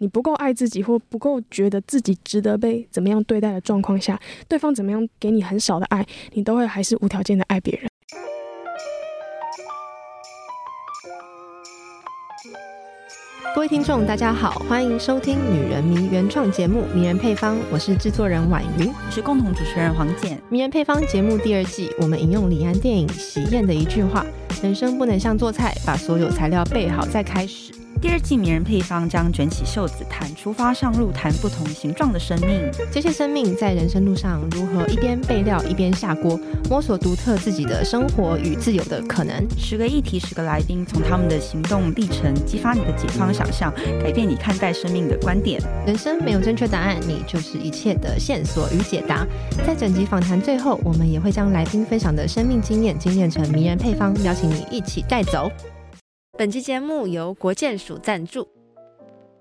你不夠愛自己，或不夠覺得自己值得被怎麼樣對待的狀況下，對方怎麼樣給你很少的愛，你都會還是無條件的愛別人。各位聽眾，大家好，歡迎收聽《女人迷》原創節目《迷人配方》，我是製作人婉瑜，我是共同主持人黃健。《迷人配方》節目第二季，我們引用李安電影《喜宴》的一句話：人生不能像做菜，把所有材料備好再開始。第二季《迷人配方》將卷起袖子談，談出發上路談不同形狀的生命。這些生命在人生路上如何一邊備料一邊下鍋，摸索獨特自己的生活與自由的可能。十個議題，十個來賓，從他們的行動歷程激發你的解放想象，改變你看待生命的觀點。人生沒有正確答案，你就是一切的線索與解答。在整集訪談最後，我們也會將來賓分享的生命經驗精煉成《迷人配方》，邀請你一起帶走。本期節目由國健署贊助。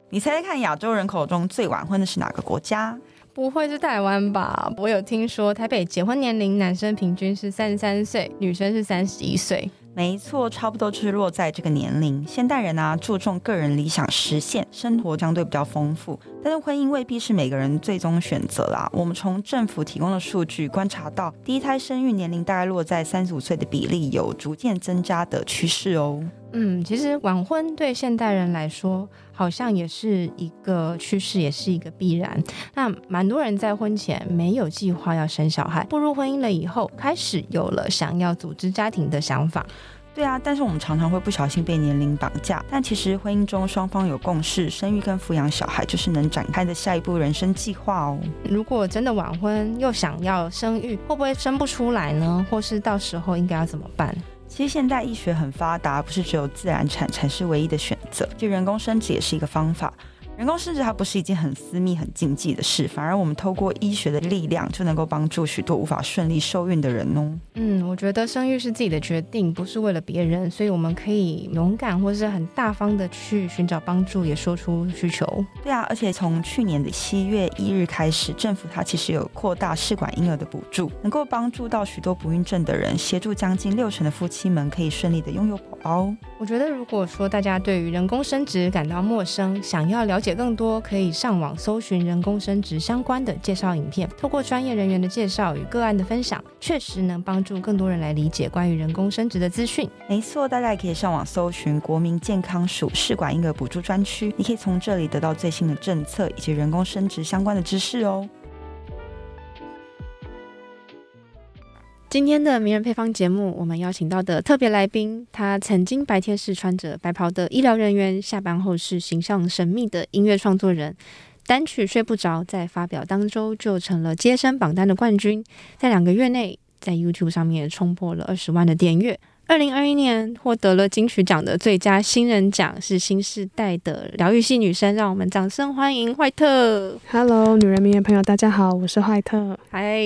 你猜猜看，亞洲人口中最晚婚的是哪個國家？不會是台灣吧？我有聽說，台北結婚年齡男生平均是三十三歲，女生是三十一歲。沒錯，差不多就是落在這個年齡。現代人啊，注重個人理想實現，生活相對比較豐富，但是婚姻未必是每個人最終選擇啦。我們從政府提供的數據觀察到，第一胎生育年齡大概落在三十五歲的比例有逐漸增加的趨勢哦。嗯，其實晚婚對現代人來說好像也是一個趨勢，也是一個必然。那蠻多人在婚前沒有計劃要生小孩，步入婚姻了以後，開始有了想要組織家庭的想法。對啊，但是我們常常會不小心被年齡綁架。但其實婚姻中雙方有共識，生育跟撫養小孩就是能展開的下一步人生計劃哦。如果真的晚婚又想要生育，會不會生不出來呢？或是到時候應該要怎麼辦？其實現代醫學很發達，不是只有自然產才是唯一的選擇，就人工生殖也是一個方法。人工生殖它不是一件很私密、很禁忌的事，反而我們透過醫學的力量就能夠幫助許多無法順利受孕的人哦。嗯，我覺得生育是自己的決定，不是為了別人，所以我們可以勇敢或是很大方的去尋找幫助，也說出需求。對啊，而且從去年的七月一日開始，政府它其實有擴大試管嬰兒的補助，能夠幫助到許多不孕症的人，協助將近六成的夫妻們可以順利的擁有。哦，oh, 我覺得如果說大家對於人工生殖感到陌生，想要了解更多，可以上網搜尋人工生殖相關的介紹影片。透過專業人員的介紹與個案的分享，確實能幫助更多人來理解關於人工生殖的資訊。沒錯，大家也可以上網搜尋國民健康署試管嬰兒補助專區，你可以從這裡得到最新的政策以及人工生殖相關的知識哦。今天的迷人配方節目，我們邀請到的特別來賓，他曾經白天是穿着白袍的醫療人員，下班後是形象神秘的音樂創作人。單曲睡不着在發表當週就成了街聲榜單的冠軍，在兩個月內在 YouTube 上面衝破了二十萬的點閱。二零二一年獲得了金曲獎的最佳新人獎，是新世代的療癒系女聲。讓我們掌聲歡迎壞特。Hello，女人迷朋友，大家好，我是壞特。嗨。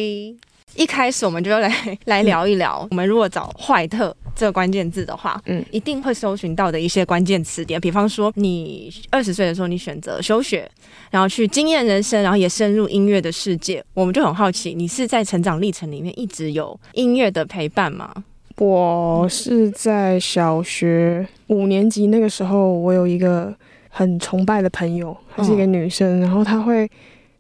一開始我們就要來來聊一聊，嗯、我們如果找“壞特”這個關鍵字的話，嗯，一定會搜尋到的一些關鍵詞點。比方說，你二十歲的時候，你選擇休學，然後去經驗人生，然後也深入音樂的世界。我們就很好奇，你是在成長歷程裡面一直有音樂的陪伴嗎？我是在小學五年級那個時候，我有一個很崇拜的朋友，她、嗯、是一個女生，然後她會。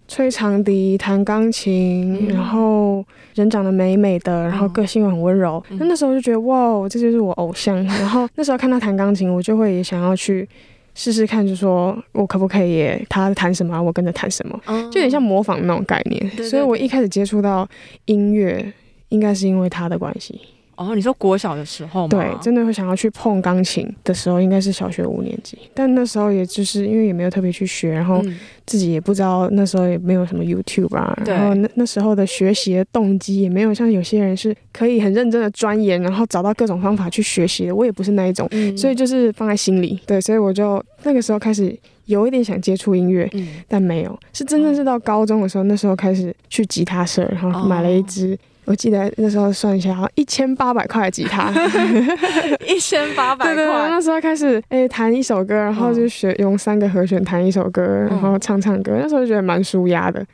吹長笛、彈鋼琴，然後人長得美美的，嗯、然後個性又很溫柔。那、嗯、那時候就覺得哇哦，這就是我偶像。嗯、然後那時候看他彈鋼琴，我就會也想要去試試看，就說我可不可以他彈什麼，我跟着彈什麼，嗯、就有點像模仿那種概念。嗯、對對對，所以我一開始接觸到音樂，應該是因為他的關係。哦，你說國小的時候嗎？對，真的會想要去碰鋼琴的時候，應該是小學五年級，但那時候也就是因為也沒有特別去學，然後自己也不知道、嗯、那時候也沒有什麼 YouTube 啊，對然後那那時候的學習的動機也沒有像有些人是可以很認真的鑽研，然後找到各種方法去學習的，我也不是那一種，嗯、所以就是放在心裡。對，所以我就那個時候開始有一點想接觸音樂，嗯、但沒有，是真正是到高中的時候，哦、那時候開始去吉他社，然後買了一支。哦我記得那時候算一下，啊，好像一千八百塊吉他，一千八百塊。對對對，那時候開始哎，彈、欸、一首歌，然後就學、oh. 用三個和弦彈一首歌，然後唱唱歌。那時候就覺得蠻舒壓的。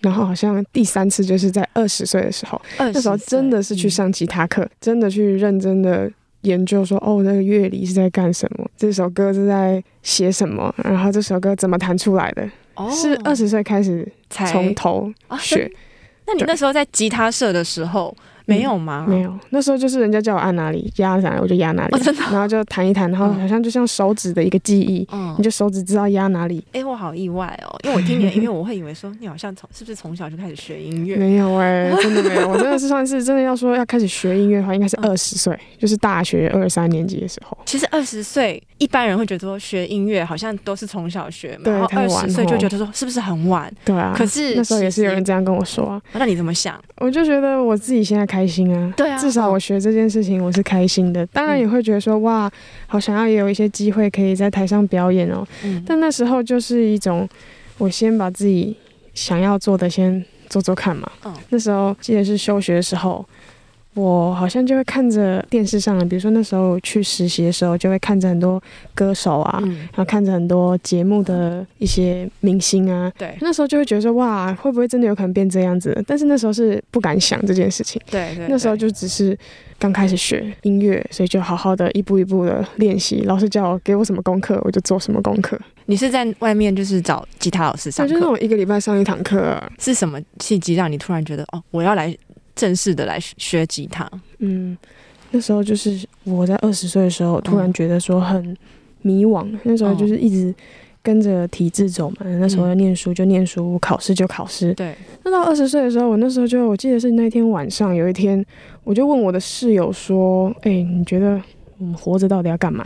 然後好像第三次就是在二十歲的時候，oh. 那時候真的是去上吉他課，歲真的去認真的研究說，嗯、哦，那、這個樂理是在幹什麼？這首歌是在寫什麼？然後這首歌怎麼彈出來的？Oh. 是二十歲開始從頭學。Oh. 那你那時候在吉他社的時候？沒有嗎？沒有，那時候就是人家叫我按哪裡壓下來，我就壓哪裡。然後就彈一彈，然後好像就像手指的一個記憶，嗯，你就手指知道壓哪裡。哎，我好意外哦，因為我聽你的音樂，我會以為說你好像從是不是從小就開始學音樂？沒有哎，真的沒有，我真的是算是真的要說要開始學音樂的話，應該是二十歲，就是大學二三年級的時候。其實二十歲一般人會覺得說學音樂好像都是從小學嘛，對，然後二十歲就覺得說是不是很晚？對啊，可是那時候也是有人這樣跟我說。那你怎麼想？我就覺得我自己現在。開心啊！對啊，至少我學這件事情，我是開心的。哦、當然也會覺得說，哇，好想要也有一些機會可以在台上表演哦、喔。嗯、但那時候就是一種，我先把自己想要做的先做做看嘛。哦、那時候記得是休學的時候，我好像就會看着電視上，比如說那時候去實習的時候，就會看着很多歌手啊，嗯，然後看着很多節目的一些明星啊。對，那時候就會覺得說，哇，會不會真的有可能變這樣子？但是那時候是不敢想這件事情。對，對，對，那時候就只是剛開始學音樂，所以就好好的一步一步的練習。老師叫我給我什麼功課，我就做什麼功課。你是在外面就是找吉他老師上課，就那種一個禮拜上一堂課啊。是什麼契機讓你突然覺得，哦，我要來？正式的來學吉他，嗯，那時候就是我在二十歲的時候，突然覺得說很迷惘。嗯，那時候就是一直跟着體制走嘛，嗯，那時候要念書就念書，考試就考試。對，那到二十歲的時候，我那時候就，我記得是那天晚上，有一天，我就問我的室友說：“誒，欸，你覺得我們活着到底要幹嘛？”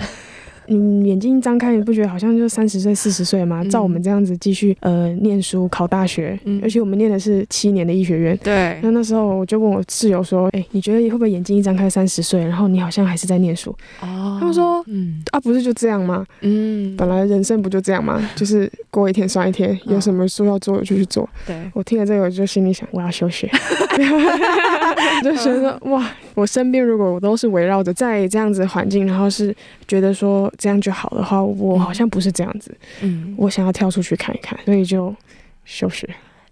你眼睛一張開，你不覺得好像就三十歲、四十歲嗎？照我們這樣子繼續呃念書、考大學，而且、嗯、我們念的是七年的醫學院。對。那那時候我就問我室友說：“哎、欸，你覺得會不會眼睛一張開三十歲，然後你好像還是在念書？”哦。Oh, 他們說：“嗯啊，不是就這樣嗎？嗯，本來人生不就這樣嗎？就是過一天算一天，有什麼事要做就去做。”對。我聽了這個，我就心裡想：“我要休學。對” 就覺得說哇，我身邊如果我都是圍繞着在這樣子的環境，然後是。覺得說這樣就好的話，我好像不是這樣子。嗯，嗯，我想要跳出去看一看，所以就休學。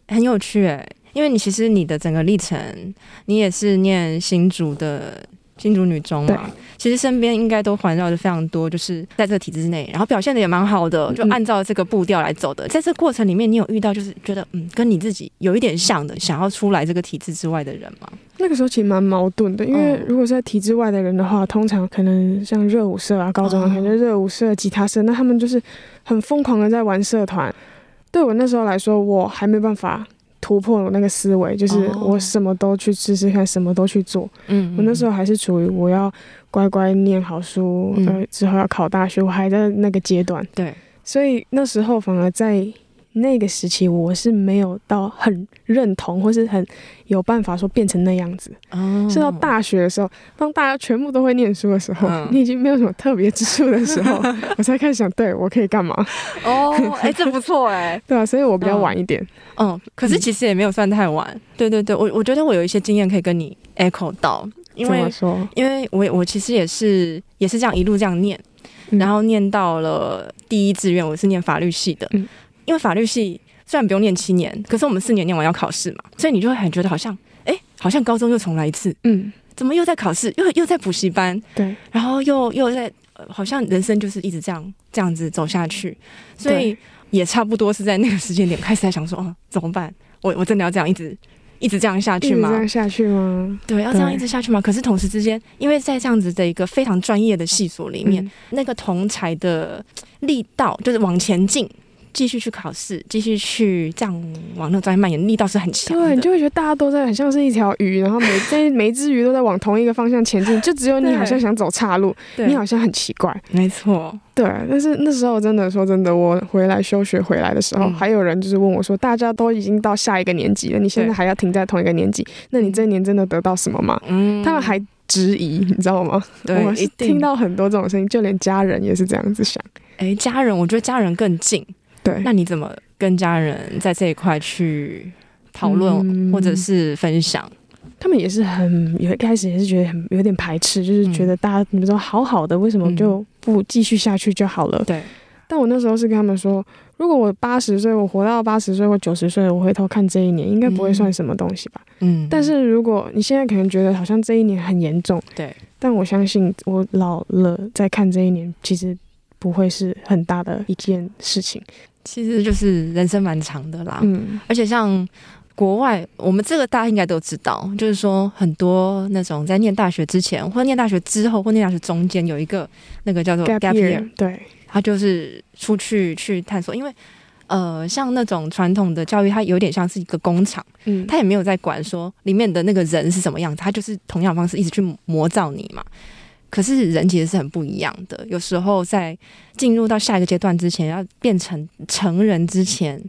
很有趣哎、欸，因為你其實你的整個歷程，你也是念新竹的。新竹女中嘛、啊，對其實身邊應該都環繞着非常多，就是在這個體制內，然後表現的也蠻好的，就按照這個步調來走的。嗯、在這個過程裡面，你有遇到就是覺得嗯，跟你自己有一點像的，想要出來這個體制之外的人嗎？那個時候其實蠻矛盾的，因為如果是在體制外的人的話，嗯、通常可能像熱舞社啊、高中啊，可能就熱舞社、嗯、吉他社，那他們就是很瘋狂的在玩社團。對我那時候來說，我還沒辦法。突破了那個思維，就是我什麼都去試試看，什麼都去做。嗯、哦，我那時候還是處於我要乖乖念好書，呃、嗯，之後要考大學，我還在那個階段。對，所以那時候反而在。那個時期我是沒有到很認同，或是很有辦法說變成那樣子。哦，是到大學的時候，當大家全部都會念書的時候，嗯、你已經沒有什麼特別之處的時候， 我才開始想，對，我可以幹嘛？哦，哎、欸，這不錯哎、欸。 對啊，所以我比較晚一點。哦、嗯嗯嗯，可是其實也沒有算太晚。嗯、對對對，我我覺得我有一些經驗可以跟你 echo 到，因為，怎麼說？因為我我其實也是也是這樣一路這樣念，嗯、然後念到了第一志願，我是念法律系的。嗯因為法律系雖然不用念七年，可是我們四年念完要考試嘛，所以你就會很覺得好像，哎，好像高中又重來一次，嗯，怎麼又在考試，又又在補習班，對，然後又又在、呃，好像人生就是一直這樣這樣子走下去，所以也差不多是在那個時間點開始在想說，哦、怎麼辦？我我真的要這樣一直一直這樣下去嗎？一直這樣下去嗎？對，要這樣一直下去嗎？對可是同時之間，因為在這樣子的一個非常專業的系所裡面，嗯、那個同儕的力道就是往前進。繼續去考試，繼續去，這樣往那邊蔓延力道是很強。對，你就會覺得大家都在很像是一條魚，然後每只 魚都在往同一個方向前進，就只有你好像想走岔路，對你好像很奇怪。沒錯，對。但是那時候真的說真的，我回來休學回來的時候，嗯、還有人就是問我說：“大家都已經到下一個年級了，你現在還要停在同一個年級，對那你這一年真的得到什麼嗎？”嗯，他們還質疑，你知道嗎？對， 我聽到很多這種聲音，就連家人也是這樣子想。誒、欸，家人，我覺得家人更近。對，那你怎麼跟家人在這一塊去討論或者是分享、嗯？他們也是很，有一開始也是覺得很有點排斥，就是覺得大家，嗯、你們都好好的，為什麼就不繼續下去就好了？對、嗯。但我那時候是跟他們說，如果我八十歲，我活到八十歲，或九十歲，我回頭看這一年，應該不會算什麼東西吧？嗯。但是如果你現在可能覺得好像這一年很嚴重，對。但我相信，我老了再看這一年，其實不會是很大的一件事情。其實就是人生蠻長的啦，嗯，而且像國外，我們這個大家應該都知道，就是說很多那種在念大學之前或念大學之後或念大學中間有一個那個叫做 gap year，對，他就是出去去探索，因為呃，像那種傳統的教育，它有點像是一個工廠，嗯，他也沒有在管說裡面的那個人是什麼樣子，他就是同樣的方式一直去磨造你嘛。可是人其實是很不一樣的，有時候在進入到下一個階段之前，要變成成人之前，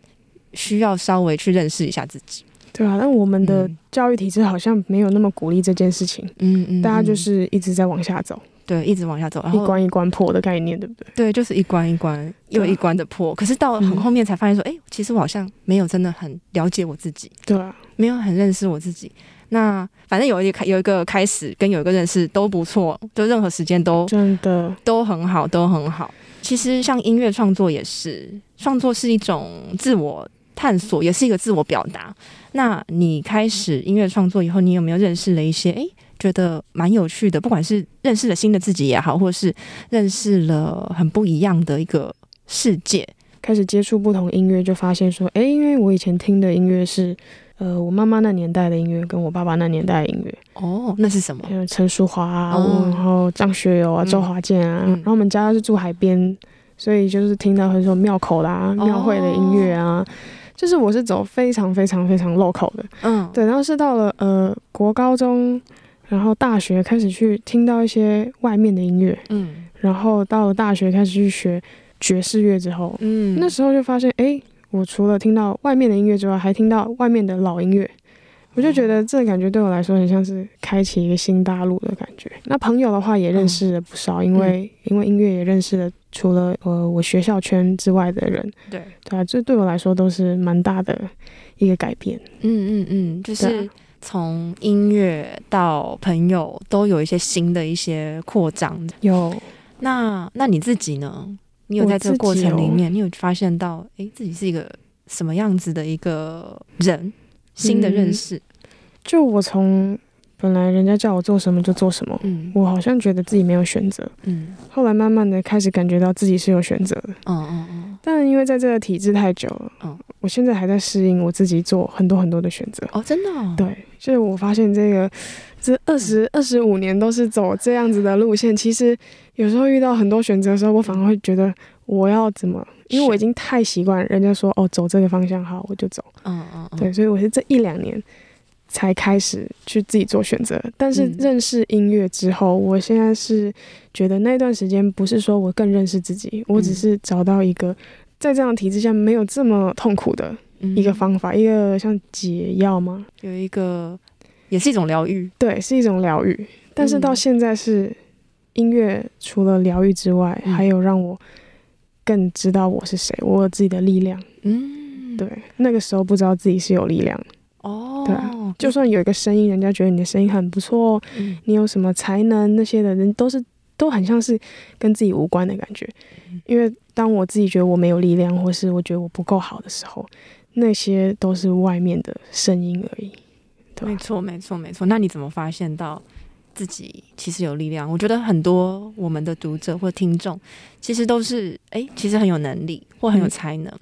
需要稍微去認識一下自己。對啊，但我們的教育體制好像沒有那麼鼓勵這件事情。嗯嗯，大家就是一直在往下走，對，一直往下走，然後一關一關破的概念，對不對？對，就是一關一關又一關的破。啊、可是到很後面才發現說，哎、嗯欸，其實我好像沒有真的很了解我自己，對、啊，沒有很認識我自己。那反正有一開有一個開始跟有一個認識都不錯，就任何時間都真的都很好，都很好。其實像音樂創作也是，創作是一種自我探索，也是一個自我表達。那你開始音樂創作以後，你有沒有認識了一些誒、欸，覺得蠻有趣的？不管是認識了新的自己也好，或是認識了很不一樣的一個世界，開始接觸不同音樂，就發現說哎、欸，因為我以前聽的音樂是。呃，我媽媽那年代的音樂，跟我爸爸那年代的音樂，哦，oh, 那是什麼？陳淑樺啊，oh. 嗯，然後張學友啊，周華健啊。嗯、然後我們家是住海邊，所以就是聽到很多廟口啦，啊、廟會的音樂啊。Oh. 就是我是走非常非常非常繞口的，嗯，oh. 對。然後是到了呃國高中，然後大學開始去聽到一些外面的音樂，嗯，然後到了大學開始去學爵士樂之後，嗯，那時候就發現，哎、欸。我除了聽到外面的音樂之外，還聽到外面的老音樂，嗯、我就覺得這感覺對我來說很像是開啟一個新大陸的感覺。那朋友的話也認識了不少，嗯、因為因為音樂也認識了除了呃我學校圈之外的人。對對啊，這對我來說都是蠻大的一個改變。嗯嗯嗯，就是從音樂到朋友都有一些新的一些擴張。有 那那你自己呢？你有在這個過程裡面，有你有發現到，誒、欸，自己是一個什麼樣子的一個人？新的認識。嗯、就我從本來人家叫我做什麼就做什麼，嗯，我好像覺得自己沒有選擇，嗯。後來慢慢的開始感覺到自己是有選擇的，嗯嗯嗯。但因為在這個體制太久了，嗯，我現在還在適應我自己做很多很多的選擇。哦，真的、哦。對，就是我發現這個。這二十二十五年，都是走這樣子的路線，其實有時候遇到很多選擇的時候，我反而會覺得我要怎麼？因為我已經太習慣人家說哦，走這個方向好，我就走。嗯嗯，嗯對，所以我是這一兩年才開始去自己做選擇。但是認識音樂之後，我現在是覺得那段時間不是說我更認識自己，我只是找到一個在這樣的體制下沒有這麼痛苦的一個方法，嗯、一個像解藥嘛？有一個。也是一種療癒，對，是一種療癒。但是到現在是音樂，除了療癒之外，嗯、還有讓我更知道我是誰，我有自己的力量。嗯，對，那個時候不知道自己是有力量。哦，對，就算有一個聲音，人家覺得你的聲音很不錯，嗯、你有什麼才能，那些的人，都是都很像是跟自己無關的感覺。因為當我自己覺得我沒有力量，嗯、或是我覺得我不夠好的時候，那些都是外面的聲音而已。沒錯，沒錯，沒錯。那你怎麼發現到自己其實有力量？我覺得很多我們的讀者或聽眾其實都是，誒、欸，其實很有能力或很有才能，嗯、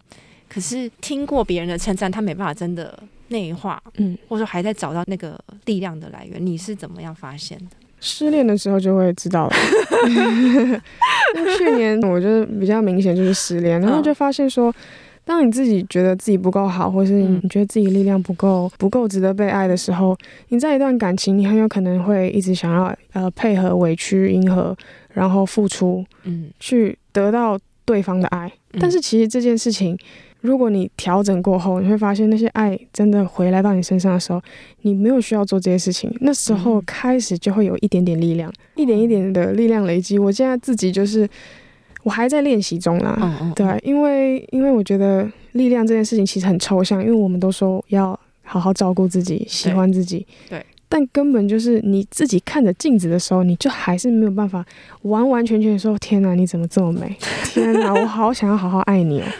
可是聽過別人的稱讚，他沒辦法真的內化，嗯，或者說還在找到那個力量的來源。你是怎麼樣發現的？失戀的時候就會知道了。 那去年我覺得比較明顯就是失戀，然後就發現說。Oh. 當你自己覺得自己不夠好，或是你覺得自己力量不夠、不夠值得被愛的時候，你在一段感情，你很有可能會一直想要呃配合、委屈、迎合，然後付出，嗯，去得到對方的愛。但是其實這件事情，如果你調整過後，你會發現那些愛真的回來到你身上的時候，你沒有需要做這些事情。那時候開始就會有一點點力量，一點一點的力量累積。我現在自己就是。我還在練習中啦，對，因為因為我覺得力量這件事情其實很抽象，因為我們都說要好好照顧自己，喜歡自己，對，但根本就是你自己看着鏡子的時候，你就還是沒有辦法完完全全說，天哪，你怎麼這麼美？天哪，我好想要好好愛你哦、啊。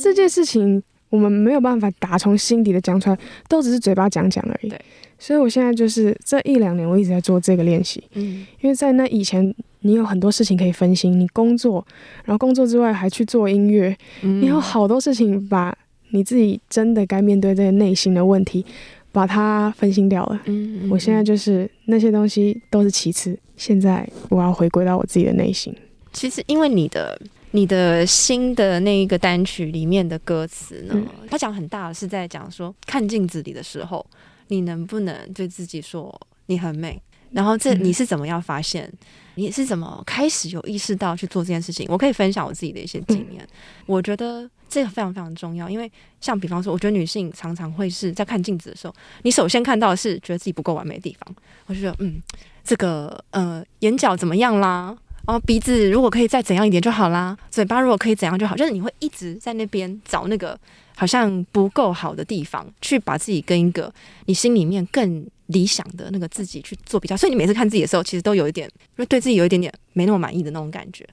這件事情我們沒有辦法打從心底的講出來，都只是嘴巴講講而已。所以我現在就是這一兩年，我一直在做這個練習，因為在那以前。你有很多事情可以分心，你工作，然後工作之外還去做音樂，嗯、你有好多事情把你自己真的該面對這個內心的問題，把它分心掉了。嗯嗯嗯，我現在就是那些東西都是其次，現在我要回歸到我自己的內心。其實，因為你的你的新的那一個單曲裡面的歌詞呢，嗯、他講很大的，是在講說看鏡子裡的時候，你能不能對自己說你很美。然後這你是怎麼樣發現？你是怎麼開始有意識到去做這件事情？我可以分享我自己的一些經驗。我覺得這個非常非常重要，因為像比方說，我覺得女性常常會是在看鏡子的時候，你首先看到的是覺得自己不夠完美的地方。我就覺得，嗯，這個呃眼角怎麼樣啦？然後，鼻子如果可以再怎樣一點就好啦，嘴巴如果可以怎樣就好，就是你會一直在那邊找那個好像不夠好的地方，去把自己跟一個你心裡面更。理想的那個自己去做比較，所以你每次看自己的時候，其實都有一點，對自己有一點點沒那麼滿意的那種感覺。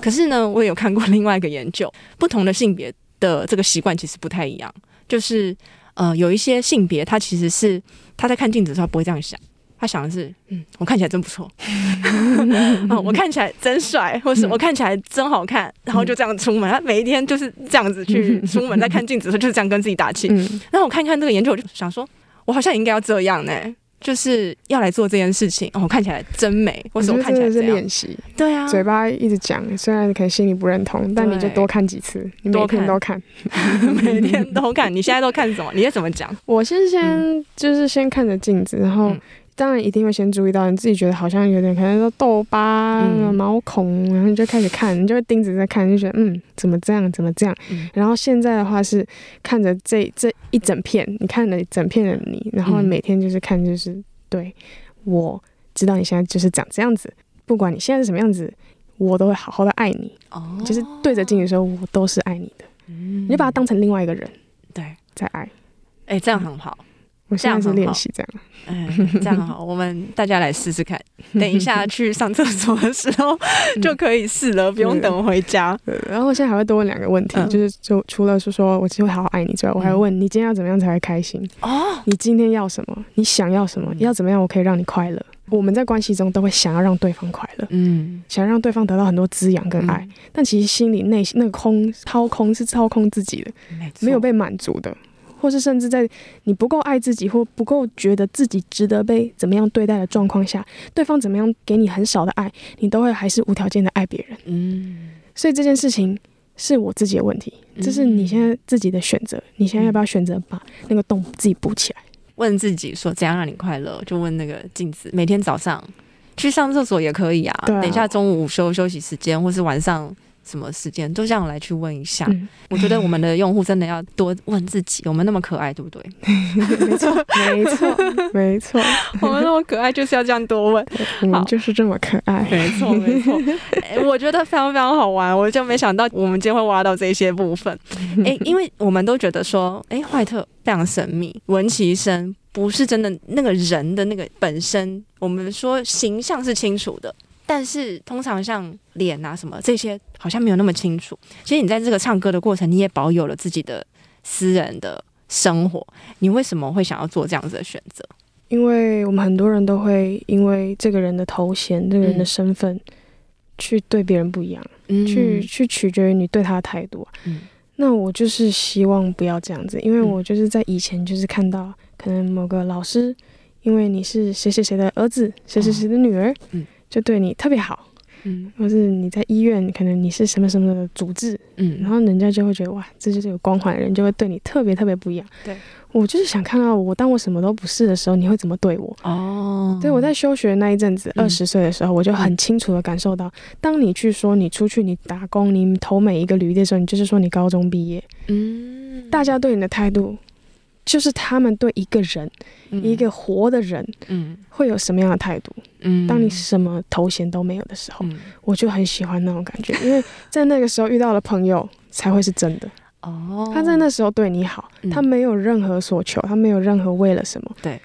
可是呢，我也有看過另外一個研究，不同的性別的這個習慣其實不太一樣。就是，呃，有一些性別他其實是他在看鏡子的時候不會這樣想，他想的是，嗯，我看起來真不錯， 我看起來真帥，或是我看起來真好看，然後就這樣出門。他每一天就是這樣子去出門，在看鏡子的時候就是這樣跟自己打氣。然後我看看這個研究，我就想說。我好像應該要這樣呢、欸，就是要來做這件事情哦，我看起來真美，我怎麼看起來是練習，對啊，嘴巴一直講，雖然你可能心裡不認同，對但你就多看幾次，多看都看，每天都看。你現在都看什麼？ 你要怎麼講？我先先就是先看着鏡子，然後。嗯當然一定會先注意到你自己，覺得好像有點可能說痘疤、毛孔，嗯、然後你就開始看，你就會盯着在看，就覺得嗯，怎麼這樣，怎麼這樣。嗯、然後現在的話是看着這這一整片，你看著整片的你，然後每天就是看，就是、嗯、對我知道你現在就是長這樣子，不管你現在是什麼樣子，我都會好好的愛你。哦，就是對着鏡子的時候，我都是愛你的。嗯，你就把它當成另外一個人，對，在愛。哎、欸，這樣很好。嗯我現在是練習這樣，這樣，嗯，這樣好， 我們大家來試試看。等一下去上廁所的時候 就可以試了，不用等回家。嗯、 然後我現在還會多問兩個問題，嗯、就是就除了是說，說我其實會好好愛你之外，我還會問你今天要怎麼樣才會開心？哦、嗯，你今天要什麼？你想要什麼？嗯、要怎麼樣我可以讓你快樂？我們在關係中都會想要讓對方快樂，嗯，想要讓對方得到很多滋養跟愛，嗯、但其實心裡內心那個空掏空是掏空自己的，沒，錯沒有被滿足的。或是甚至在你不夠愛自己或不夠覺得自己值得被怎麼樣對待的狀況下，對方怎麼樣給你很少的愛，你都會還是無條件的愛別人。嗯，所以這件事情是我自己的問題，這是你現在自己的選擇，嗯、你現在要不要選擇把那個洞自己補起來？問自己說怎樣讓你快樂，就問那個鏡子。每天早上去上廁所也可以啊，啊等一下中午午休休息時間，或是晚上。什麼時間？就這樣來去問一下。嗯、我覺得我們的用戶真的要多問自己， 有我們那麼可愛，對不對？沒錯，沒錯，沒錯。我們那麼可愛，就是要這樣多問。我們就是這麼可愛。沒錯，沒錯、欸。我覺得非常非常好玩，我就沒想到我們今天會挖到這些部分。哎、 欸，因為我們都覺得說，哎、欸，壞特非常神秘，聞其聲不是真的那個人的那個本身，我們說形象是清楚的。但是，通常像臉啊什麼這些，好像沒有那麼清楚。其實，你在這個唱歌的過程，你也保有了自己的私人的生活。你為什麼會想要做這樣子的選擇？因為我們很多人都會因為這個人的頭銜、這個人的身份，嗯、去對別人不一樣，嗯、去去取決於你對他的態度。嗯、那我就是希望不要這樣子，因為我就是在以前就是看到，可能某個老師，因為你是誰誰誰的兒子，誰誰誰的女兒，哦嗯就對你特別好，嗯，或是你在醫院，可能你是什麼什麼的主治，嗯，然後人家就會覺得哇，這就是有光環的人，就會對你特別特別不一樣。對，我就是想看到我當我什麼都不是的時候，你會怎麼對我？哦，對，我在休學那一陣子，二十歲的時候，嗯，我就很清楚的感受到，當你去說你出去你打工，你投每一個履歷的時候，你就是說你高中畢業，嗯，大家對你的態度。就是他們對一個人，一個活的人，嗯，會有什麼樣的態度？嗯，當你什麼頭銜都沒有的時候，我就很喜歡那種感覺，因為在那個時候遇到的朋友才會是真的哦。他在那時候對你好，他沒有任何所求，他沒有任何為了什麼。對，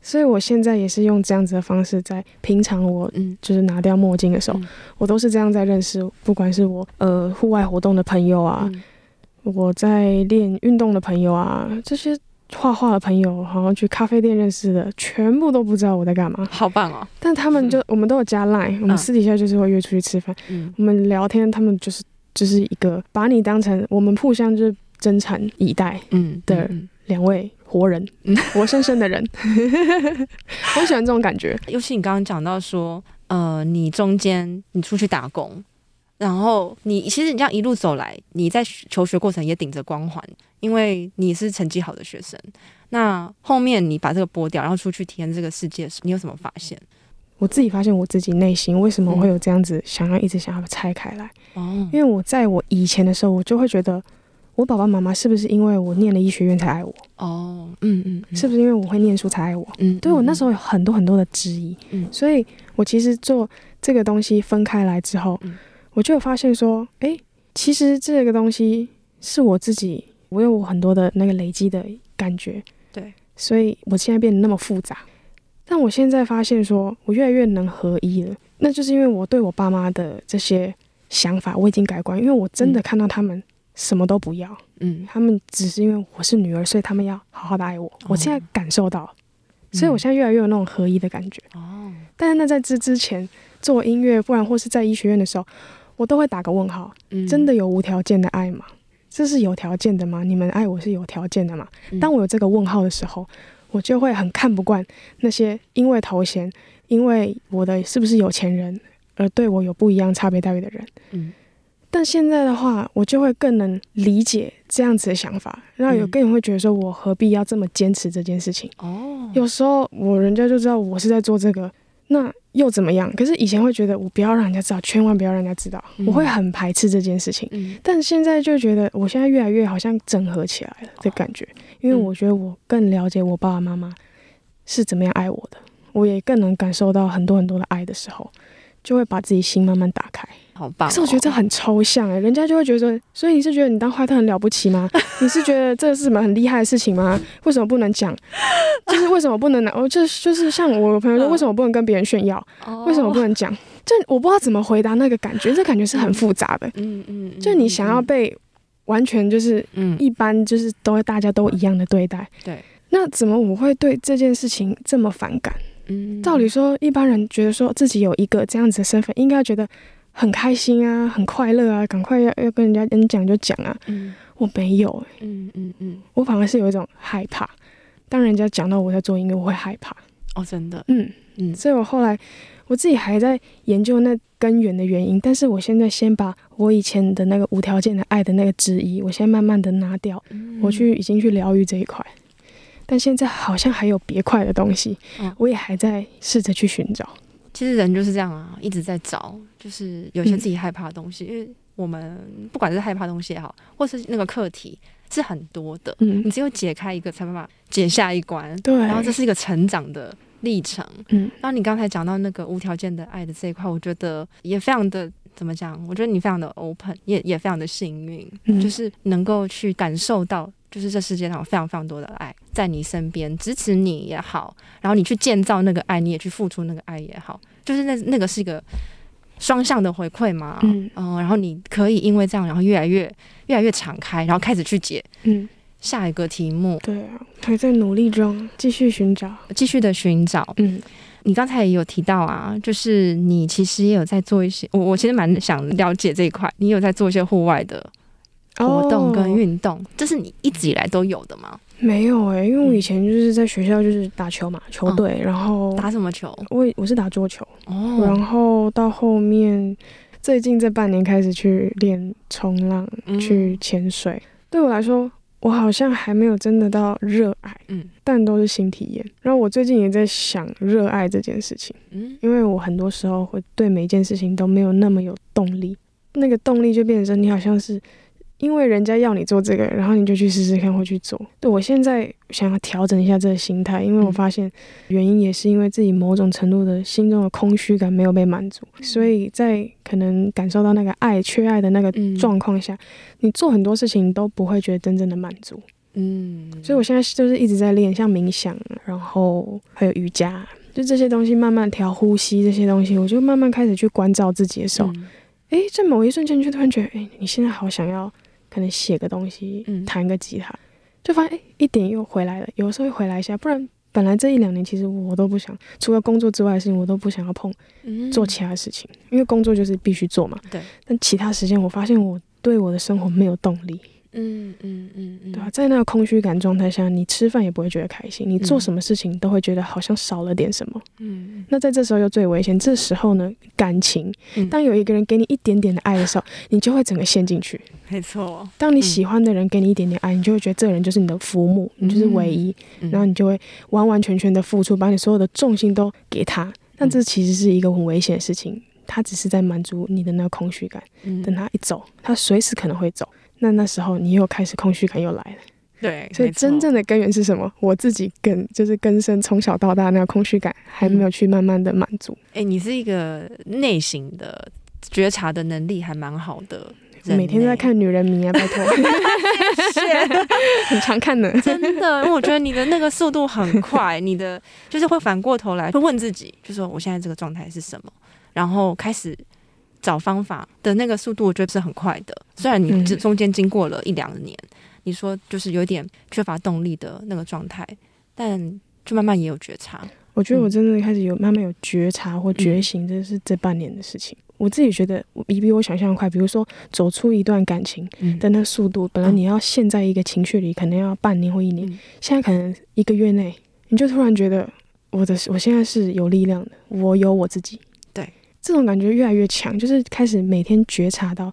所以我現在也是用這樣子的方式，在平常我就是拿掉墨鏡的時候，我都是這樣在認識，不管是我呃戶外活動的朋友啊，我在練運動的朋友啊，這些。畫畫的朋友，然後去咖啡店認識的，全部都不知道我在幹嘛，好棒哦！但他們就、嗯、我們都有加 Line，我們私底下就是會約出去吃飯，嗯、我們聊天，他們就是就是一個把你當成我們互相就是真誠以待嗯、的兩位活人，嗯、活生生的人， 我喜歡這種感覺。尤其你剛剛講到說，呃，你中間你出去打工。然後你其實你這樣一路走來，你在求學過程也頂着光環，因為你是成績好的學生。那後面你把這個剝掉，然後出去體驗這個世界，你有什麼發現？我自己發現我自己內心為什麼會有這樣子，想要、嗯、一直想要拆開來。哦，因為我在我以前的時候，我就會覺得我爸爸媽媽是不是因為我念了醫學院才愛我？哦，嗯嗯，嗯是不是因為我會念書才愛我？嗯，嗯對我那時候有很多很多的質疑。嗯，所以我其實做這個東西分開來之後。嗯我就發現說，哎、欸，其實這個東西是我自己，我有很多的那個累積的感覺，對，所以我現在變得那麼複雜。但我現在發現說，我越來越能合一了，那就是因為我對我爸媽的這些想法，我已經改觀，因為我真的看到他們什麼都不要，嗯，他們只是因為我是女兒，所以他們要好好的愛我。嗯、我現在感受到，所以我現在越來越有那種合一的感覺。哦、嗯，但是那在之之前做音樂，不然或是在醫學院的時候。我都會打個問號，真的有無條件的愛嗎？嗯、這是有條件的嗎？你們愛我是有條件的嗎？嗯、當我有這個問號的時候，我就會很看不慣那些因為頭銜、因為我的是不是有錢人而對我有不一樣差別待遇的人。嗯、但現在的話，我就會更能理解這樣子的想法。然後有個人會覺得說，我何必要這麼堅持這件事情？哦，有時候我人家就知道我是在做這個。那又怎麼樣？可是以前會覺得我不要讓人家知道，千萬不要讓人家知道，嗯、我會很排斥這件事情。嗯、但現在就覺得，我現在越來越好像整合起來了的感覺，哦、因為我覺得我更了解我爸爸媽媽是怎麼樣愛我的，嗯、我也更能感受到很多很多的愛的時候。就會把自己心慢慢打開，好棒、哦！可是我覺得這很抽象哎，人家就會覺得說，所以你是覺得你當壞特很了不起嗎？ 你是覺得這是什麼很厲害的事情嗎？ 為什麼不能講？ 就是為什麼不能拿？我這、 哦、就是像我朋友說，為什麼不能跟別人炫耀？哦、為什麼不能講？這我不知道怎麼回答那個感覺，這感覺是很複雜的。嗯嗯，嗯嗯，就你想要被完全就是嗯，一般就是都大家都一樣的對待。嗯、對，那怎麼我會對這件事情這麼反感？嗯，照理說，一般人覺得說自己有一個這樣子的身份，應該覺得很開心啊，很快樂啊，趕快要要跟人家能講就講啊。嗯，我沒有、欸嗯，嗯嗯嗯，我反而是有一種害怕，當人家講到我在做音樂，我會害怕。哦，真的，嗯嗯，嗯所以我後來我自己還在研究那根源的原因，但是我現在先把我以前的那個無條件的愛的那個質疑，我先慢慢的拿掉，我去已經去療癒這一塊。但現在好像還有別塊的東西，嗯、我也還在試着去尋找。其實人就是這樣啊，一直在找。就是有些自己害怕的東西，嗯、因為我們不管是害怕東西也好，或是那個課題是很多的。嗯、你只有解開一個，才辦法解下一關。對，然後這是一個成長的歷程。嗯，然後你剛才講到那個無條件的愛的這一塊，我覺得也非常的，怎麼講？我覺得你非常的 open，也也非常的幸運，嗯、就是能夠去感受到。就是這世界上有非常非常多的愛在你身邊支持你也好，然後你去建造那個愛，你也去付出那個愛也好，就是那那個是一個雙向的回饋嘛。嗯、呃，然後你可以因為這樣，然後越來越越來越敞開，然後開始去解、嗯、下一個題目。對啊，還在努力中，繼續尋找，繼續的尋找。嗯，你剛才也有提到啊，就是你其實也有在做一些，我我其實蠻想了解這一塊，你有在做一些戶外的。活動跟運動，oh, 這是你一直以來都有的嗎？沒有誒、欸。因為我以前就是在學校就是打球嘛，球隊，oh, 然後打什麼球？我我是打桌球，oh. 然後到後面最近這半年開始去練衝浪，去潛水。Mm. 對我來說，我好像還沒有真的到熱愛，嗯，mm. 但都是新體驗。然後我最近也在想熱愛這件事情，嗯，mm. 因為我很多時候會對每一件事情都沒有那麼有動力，那個動力就變成你好像是。因為人家要你做這個，然後你就去試試看，會去做。對，我現在想要調整一下這個心態，因為我發現原因也是因為自己某種程度的心中的空虛感沒有被滿足，嗯、所以在可能感受到那個愛缺愛的那個狀況下，嗯、你做很多事情都不會覺得真正的滿足。嗯，所以我現在就是一直在練，像冥想，然後還有瑜伽，就這些東西慢慢調呼吸這些東西，我就慢慢開始去關照自己的時候、嗯誒，在某一瞬間就突然覺得，誒，你現在好想要。可能寫個東西，彈個吉他，嗯、就發現、欸、一點又回來了。有時候會回來一下，不然本來這一兩年其實我都不想，除了工作之外的事情我都不想要碰，做其他事情，嗯、因為工作就是必須做嘛。對，但其他時間我發現我對我的生活沒有動力。嗯嗯嗯嗯，嗯嗯對，在那個空虛感狀態下，你吃飯也不會覺得開心，嗯、你做什麼事情都會覺得好像少了點什麼。嗯，嗯那在這時候又最危險。這時候呢，感情，嗯、當有一個人給你一點點的愛的時候，你就會整個陷進去。沒錯，當你喜歡的人給你一點點愛，嗯、你就會覺得這個人就是你的浮木，嗯、你就是唯一，嗯、然後你就會完完全全的付出，把你所有的重心都給他。但這其實是一個很危險的事情，他只是在滿足你的那個空虛感。嗯、等他一走，他隨時可能會走。那那時候你又開始空虛感又來了。對，所以真正的根源是什麼？沒錯。我自己根就是根深，從小到大那個空虛感還沒有去慢慢的滿足。哎、嗯欸，你是一個內心的覺察的能力還蠻好的，每天都在看《女人迷》啊， 拜托託，謝謝。很常看的，真的，因為我覺得你的那個速度很快， 你的就是會反過頭來會問自己，就說我現在這個狀態是什麼，然後開始。找方法的那個速度，我覺得是很快的。雖然你中間經過了一兩年，嗯、你說就是有點缺乏動力的那個狀態，但就慢慢也有覺察。我覺得我真的開始有、嗯、慢慢有覺察或覺醒，這是這半年的事情。嗯、我自己覺得，比比我想象的快。比如說走出一段感情的那速度，嗯、本來你要陷在一個情緒裡，可能要半年或一年，嗯、現在可能一個月內，你就突然覺得我的我現在是有力量的，我有我自己。這種感覺越來越強，就是開始每天覺察到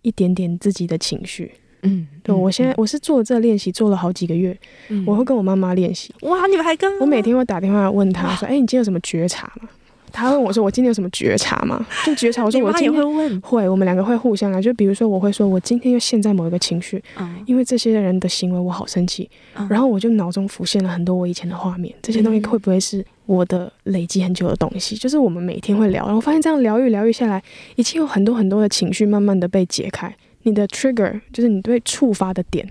一點點自己的情緒。嗯，對嗯我現在、嗯、我是做這練習，做了好幾個月。嗯、我會跟我媽媽練習。哇，你們還跟我每天會打電話問她說：“哎、欸，你今天有什麼覺察嗎？”她問我說：“我今天有什麼覺察嗎？”就覺察。我說：“我今天會，你媽也會問，會我們兩個會互相啊。”就比如說，我會說：“我今天又陷在某一個情緒，嗯、因為這些人的行為我好生氣。嗯”然後我就腦中浮現了很多我以前的畫面。這些東西會不會是？我的累積很久的東西，就是我們每天會聊，然後發現這樣療癒療癒下來，已經有很多很多的情緒慢慢的被解開。你的 trigger 就是你對觸發的點，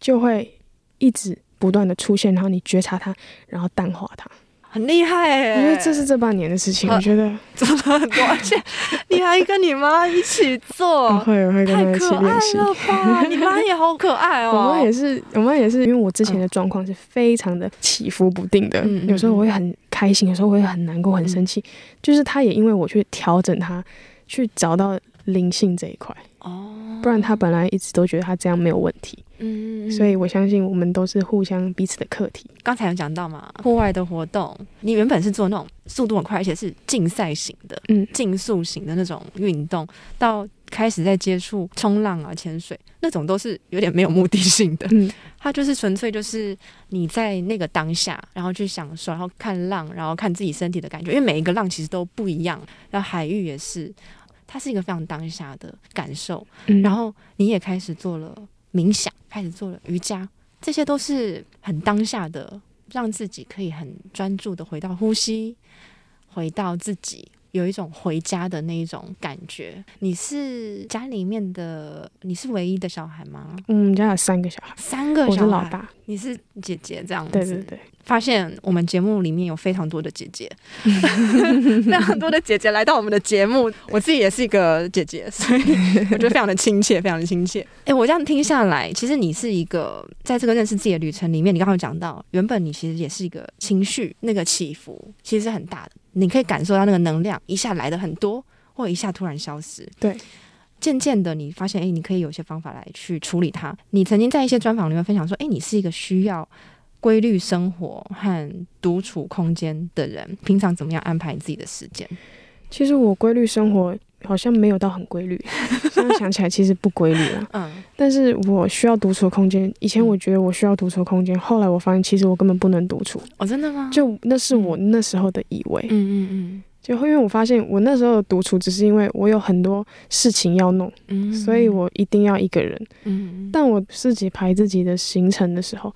就會一直不斷的出現，然後你覺察它，然後淡化它。很厲害哎、欸！因為這是這半年的事情。啊、我覺得做了很多，而且 你還跟你媽一起做，會 會跟她一起練習，太可愛了吧 你媽也好可愛哦。我媽也是，我媽也是，因為我之前的狀況是非常的起伏不定的，嗯、有時候我會很開心，有時候我會很難過、很生氣，嗯、就是她也因為我去調整她，去找到靈性這一塊。哦，不然他本來一直都覺得他這樣沒有問題，嗯，所以我相信我們都是互相彼此的課題。剛才有講到嘛，戶外的活動，你原本是做那種速度很快，而且是競賽型的、嗯，競速型的那種運動，到開始在接觸衝浪啊、潛水那種，都是有點沒有目的性的，嗯，它就是純粹就是你在那個當下，然後去享受，然後看浪，然後看自己身體的感覺，因為每一個浪其實都不一樣，然後海域也是。它是一個非常當下的感受，然後你也開始做了冥想，開始做了瑜伽，這些都是很當下的，讓自己可以很專注的回到呼吸，回到自己。有一種回家的那一種感覺。你是家裡面的，你是唯一的小孩嗎？嗯，家有三個小孩，三個小孩我是老大，你是姐姐這樣子。對對對，發現我們節目裡面有非常多的姐姐，非常多的姐姐來到我們的節目，我自己也是一個姐姐，所以我覺得非常的親切，非常的親切。哎、 欸，我這樣聽下來，其實你是一個在這個認識自己的旅程裡面，你剛剛有講到，原本你其實也是一個情緒那個起伏，其實是很大的。你可以感受到那個能量一下來得很多，或一下突然消失。對，漸漸的你發現，欸，你可以有些方法來去處理它。你曾經在一些專訪裡面分享說，欸，你是一個需要規律生活和獨處空間的人，平常怎麼樣安排自己的時間？其實我規律生活、嗯。好像沒有到很規律，現在想起來其實不規律了、啊。 嗯，但是我需要獨處的空間。以前我覺得我需要獨處的空間，後來我發現其實我根本不能獨處。哦，真的嗎？就那是我那時候的以為。嗯嗯嗯。就因為我發現我那時候獨處只是因為我有很多事情要弄，嗯嗯。所以我一定要一個人。嗯，嗯。但我自己排自己的行程的時候。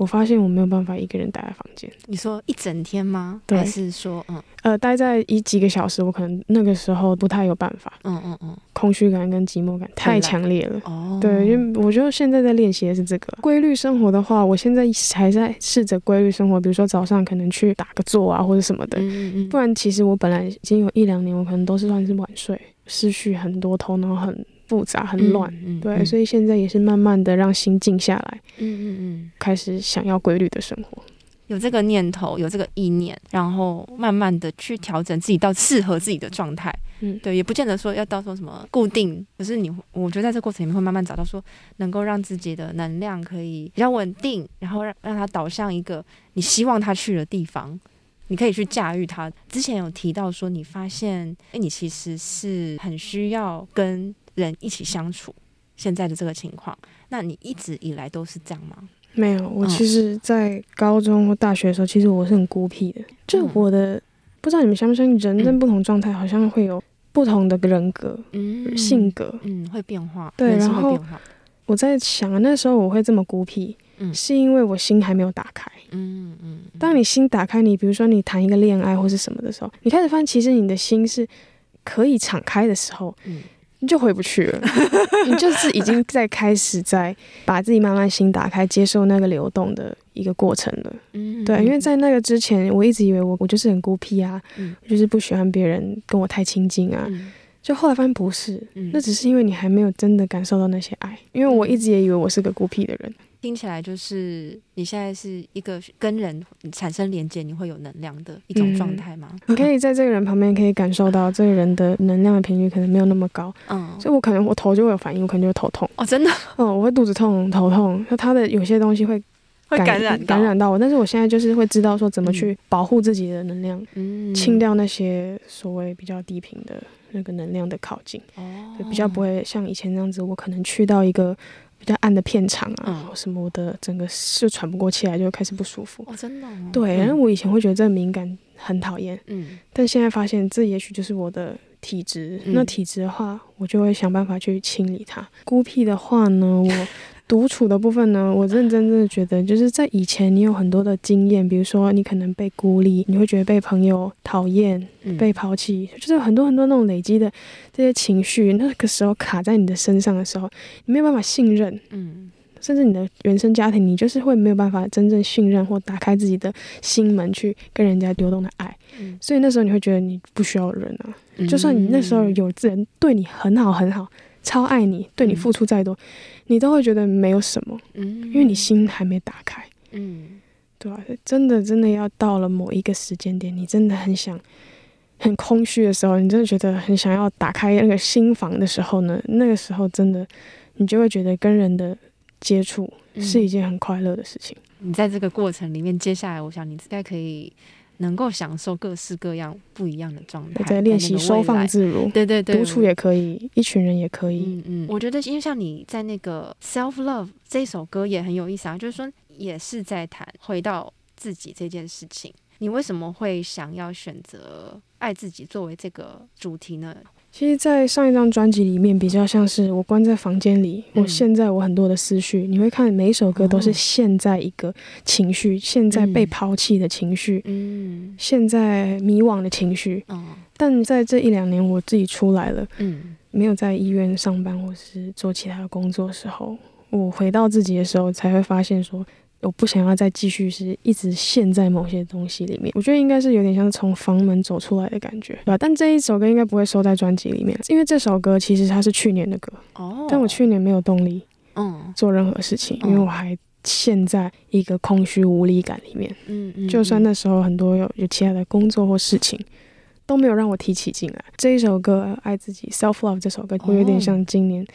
我發現我沒有辦法一個人待在房間。你說一整天嗎？對。還是說，嗯，呃，待在一幾個小時，我可能那個時候不太有辦法。嗯嗯嗯，空虛感跟寂寞感太強烈了。哦，對，因為我覺得現在在練習的是這個規律生活的話，我現在還在試着規律生活。比如說早上可能去打個坐啊，或者什麼的。嗯嗯。不然，其實我本來已經有一兩年，我可能都是算是晚睡，失去很多頭腦，很。複雜很亂，嗯嗯、對，所以現在也是慢慢的讓心靜下來，嗯嗯嗯，嗯開始想要規律的生活，有這個念頭，有這個意念，然後慢慢的去調整自己到適合自己的狀態，嗯，對，也不見得說要到說什麼固定，可、就是你，我覺得在這過程裡面會慢慢找到說能夠讓自己的能量可以比較穩定，然後讓讓它導向一個你希望它去的地方，你可以去駕馭它。之前有提到說你發現，誒、欸，你其實是很需要跟人一起相處，現在的這個情況，那你一直以來都是這樣嗎？沒有，我其實，在高中或大學的時候，其實我是很孤僻的。就我的，嗯、不知道你們相不相信，人在不同狀態好像會有不同的人格，嗯、性格、嗯，會變化。對，然後我在想，那時候我會這麼孤僻，嗯、是因為我心還沒有打開。嗯嗯、當你心打開，你比如說你談一個戀愛或是什麼的時候，你開始發現其實你的心是可以敞開的時候。嗯你就回不去了。 你就是已經在開始在把自己慢慢心打開，接受那個流動的一個過程了。嗯嗯嗯。對，因為在那個之前，我一直以為我我就是很孤僻啊，嗯、我就是不喜歡別人跟我太親近啊。嗯、就後來發現不是，嗯、那只是因為你還沒有真的感受到那些愛。因為我一直也以為我是個孤僻的人。聽起來就是你現在是一個跟人產生連接，你會有能量的一種狀態嗎？你、嗯、可以在這個人旁邊，可以感受到這個人的能量的頻率可能沒有那麼高，嗯，所以我可能我頭就會有反應，我可能就會頭痛哦。真的？嗯，我會肚子痛、頭痛，那他的有些東西會感會感染感染到我，但是我現在就是會知道說怎麼去保護自己的能量，嗯，清掉那些所謂比較低頻的那個能量的靠近，哦，就比較不會像以前那樣子，我可能去到一個比較暗的片場啊，嗯、什麼我的整個是喘不過氣來，就開始不舒服。哦、真的，哦？對，嗯、我以前會覺得這敏感很討厭，嗯，但現在發現這也許就是我的體質。嗯、那體質的話，我就會想辦法去清理它。孤僻的話呢，我。 獨處的部分呢，我認真的真的真的覺得，就是在以前，你有很多的經驗，比如說你可能被孤立，你會覺得被朋友討厭、被拋棄，嗯、就是很多很多那種累積的這些情緒，那個時候卡在你的身上的時候，你沒有辦法信任，嗯、甚至你的原生家庭，你就是會沒有辦法真正信任或打開自己的心門去跟人家流動的愛，嗯、所以那時候你會覺得你不需要人啊，就算你那時候有人對你很好很好，超愛你，對你付出再多。嗯嗯你都會覺得沒有什麼，嗯，因為你心還沒打開，嗯，嗯，對啊，真的真的要到了某一個時間點，你真的很想，很空虛的時候，你真的覺得很想要打開那個心房的時候呢，那個時候真的，你就會覺得跟人的接觸是一件很快樂的事情，嗯。你在這個過程裡面，接下來我想你應該可以。能夠享受各式各樣不一樣的狀態，在練習收放自如，對對對，獨處也可以，一群人也可以。嗯嗯，我覺得，因為像你在那個《Self Love》這首歌也很有意思啊，就是說也是在談回到自己這件事情。你為什麼會想要選擇愛自己作為這個主題呢？其實，在上一張專輯裡面，比較像是我關在房間裡。嗯、我現在我很多的思緒，你會看每一首歌都是現在一個情緒，嗯、現在被拋棄的情緒，嗯、現在迷惘的情緒。嗯、但在這一兩年我自己出來了，嗯、沒有在醫院上班或是做其他的工作的時候，我回到自己的時候，才會發現說，我不想要再繼續是一直陷在某些東西裡面，我覺得應該是有點像是從房門走出來的感覺，對吧？但這一首歌應該不會收在專輯裡面，因為這首歌其實它是去年的歌哦，但我去年沒有動力做任何事情，因為我還陷在一個空虛無力感裡面，嗯嗯，嗯就算那時候很多有有其他的工作或事情都沒有讓我提起進來，這一首歌《愛自己》self love 這首歌，我有點像今年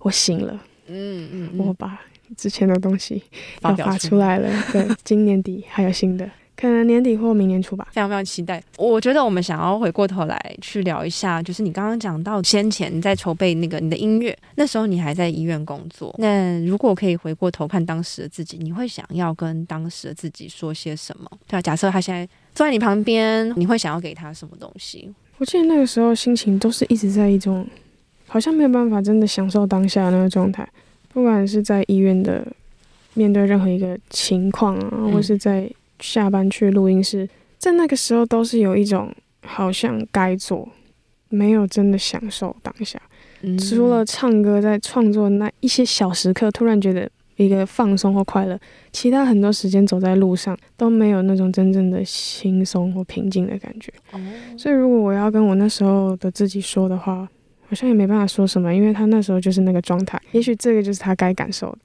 我醒了，嗯嗯，嗯嗯我把。之前的東西要發出來了，對，今年底還有新的， 可能年底或明年初吧，非常非常期待。我覺得我們想要回過頭來去聊一下，就是你剛剛講到先前你在籌備那個你的音樂，那時候你還在醫院工作。那如果可以回過頭看當時的自己，你會想要跟當時的自己說些什麼？對啊，假設他現在坐在你旁邊，你會想要給他什麼東西？我記得那個時候心情都是一直在一種好像沒有辦法真的享受當下的那個狀態。不管是在醫院的面對任何一個情況啊，或是在下班去錄音室，嗯。在那個時候都是有一種好像該做，沒有真的享受當下。嗯。除了唱歌在創作那一些小時刻，突然覺得一個放鬆或快樂，其他很多時間走在路上都沒有那種真正的輕鬆或平靜的感覺。哦。所以，如果我要跟我那時候的自己說的話。好像也沒辦法說什麼，因為他那時候就是那個狀態。也許這個就是他該感受的。